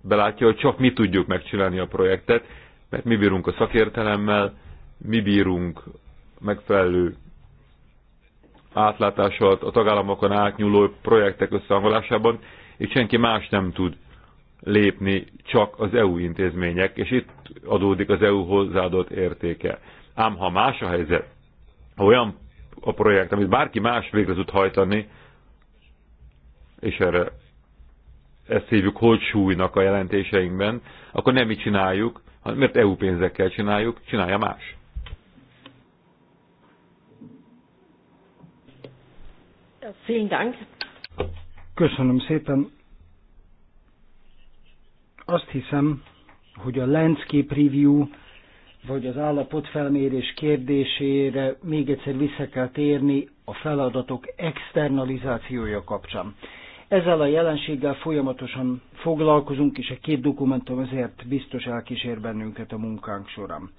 belátja, hogy csak mi tudjuk megcsinálni a projektet, mert mi bírunk a szakértelemmel, mi bírunk megfelelő átlátással a tagállamokon átnyúló projektek összehangolásában, és senki más nem tud lépni csak az EU intézmények, és itt adódik az EU hozzáadott értéke. Ám ha más a helyzet, ha olyan a projekt, amit bárki más végre tud hajtani, és erre ezt hívjuk holtsúlynak a jelentéseinkben, akkor nem mi csináljuk, hanem mert EU pénzekkel csináljuk, csinálja más. Köszönöm szépen. Azt hiszem, hogy a landscape review vagy az állapotfelmérés kérdésére még egyszer vissza kell térni a feladatok externalizációja kapcsán. Ezzel a jelenséggel folyamatosan foglalkozunk, és a két dokumentum ezért biztos elkísér bennünket a munkánk során.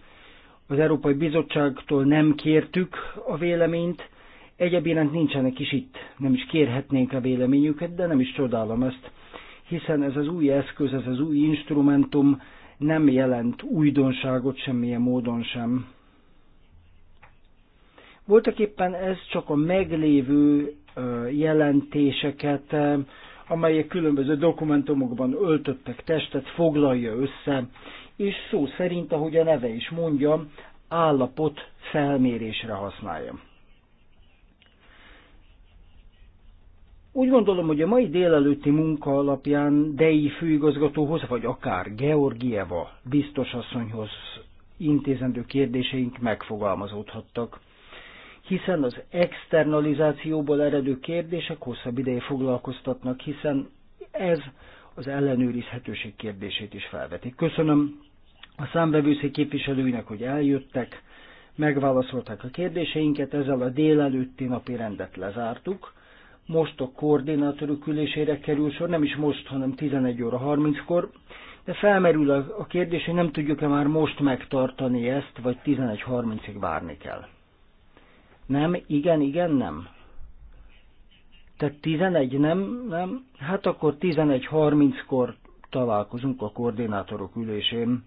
Az Európai Bizottságtól nem kértük a véleményt, egyebiránt nincsenek is itt, nem is kérhetnénk a véleményüket, de nem is csodálom ezt, hiszen ez az új eszköz, ez az új instrumentum nem jelent újdonságot semmilyen módon sem. Voltak éppen ez csak a meglévő jelentéseket, amelyek különböző dokumentumokban öltöttek testet, foglalja össze, és szó szerint, ahogy a neve is mondja, állapot felmérésre használja. Úgy gondolom, hogy a mai délelőtti munka alapján Dei főigazgatóhoz, vagy akár Georgieva biztosasszonyhoz intézendő kérdéseink megfogalmazódhattak hiszen az externalizációból eredő kérdések hosszabb ideje foglalkoztatnak, hiszen ez az ellenőrizhetőség kérdését is felveti. Köszönöm a számbevőszék képviselőinek, hogy eljöttek, megválaszolták a kérdéseinket, ezzel a délelőtti napi rendet lezártuk most a koordinátorok ülésére kerül sor, nem is most, hanem 11 óra 30-kor, de felmerül a kérdés, hogy nem tudjuk-e már most megtartani ezt, vagy 11.30-ig várni kell. Nem, igen, igen, nem. Tehát 11 nem, nem, hát akkor 11.30-kor találkozunk a koordinátorok ülésén,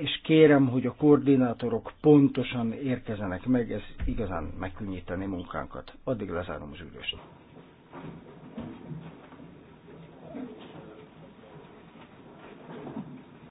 és kérem, hogy a koordinátorok pontosan érkezenek meg, ez igazán megkönnyíteni munkánkat. Addig lezárom az ülést.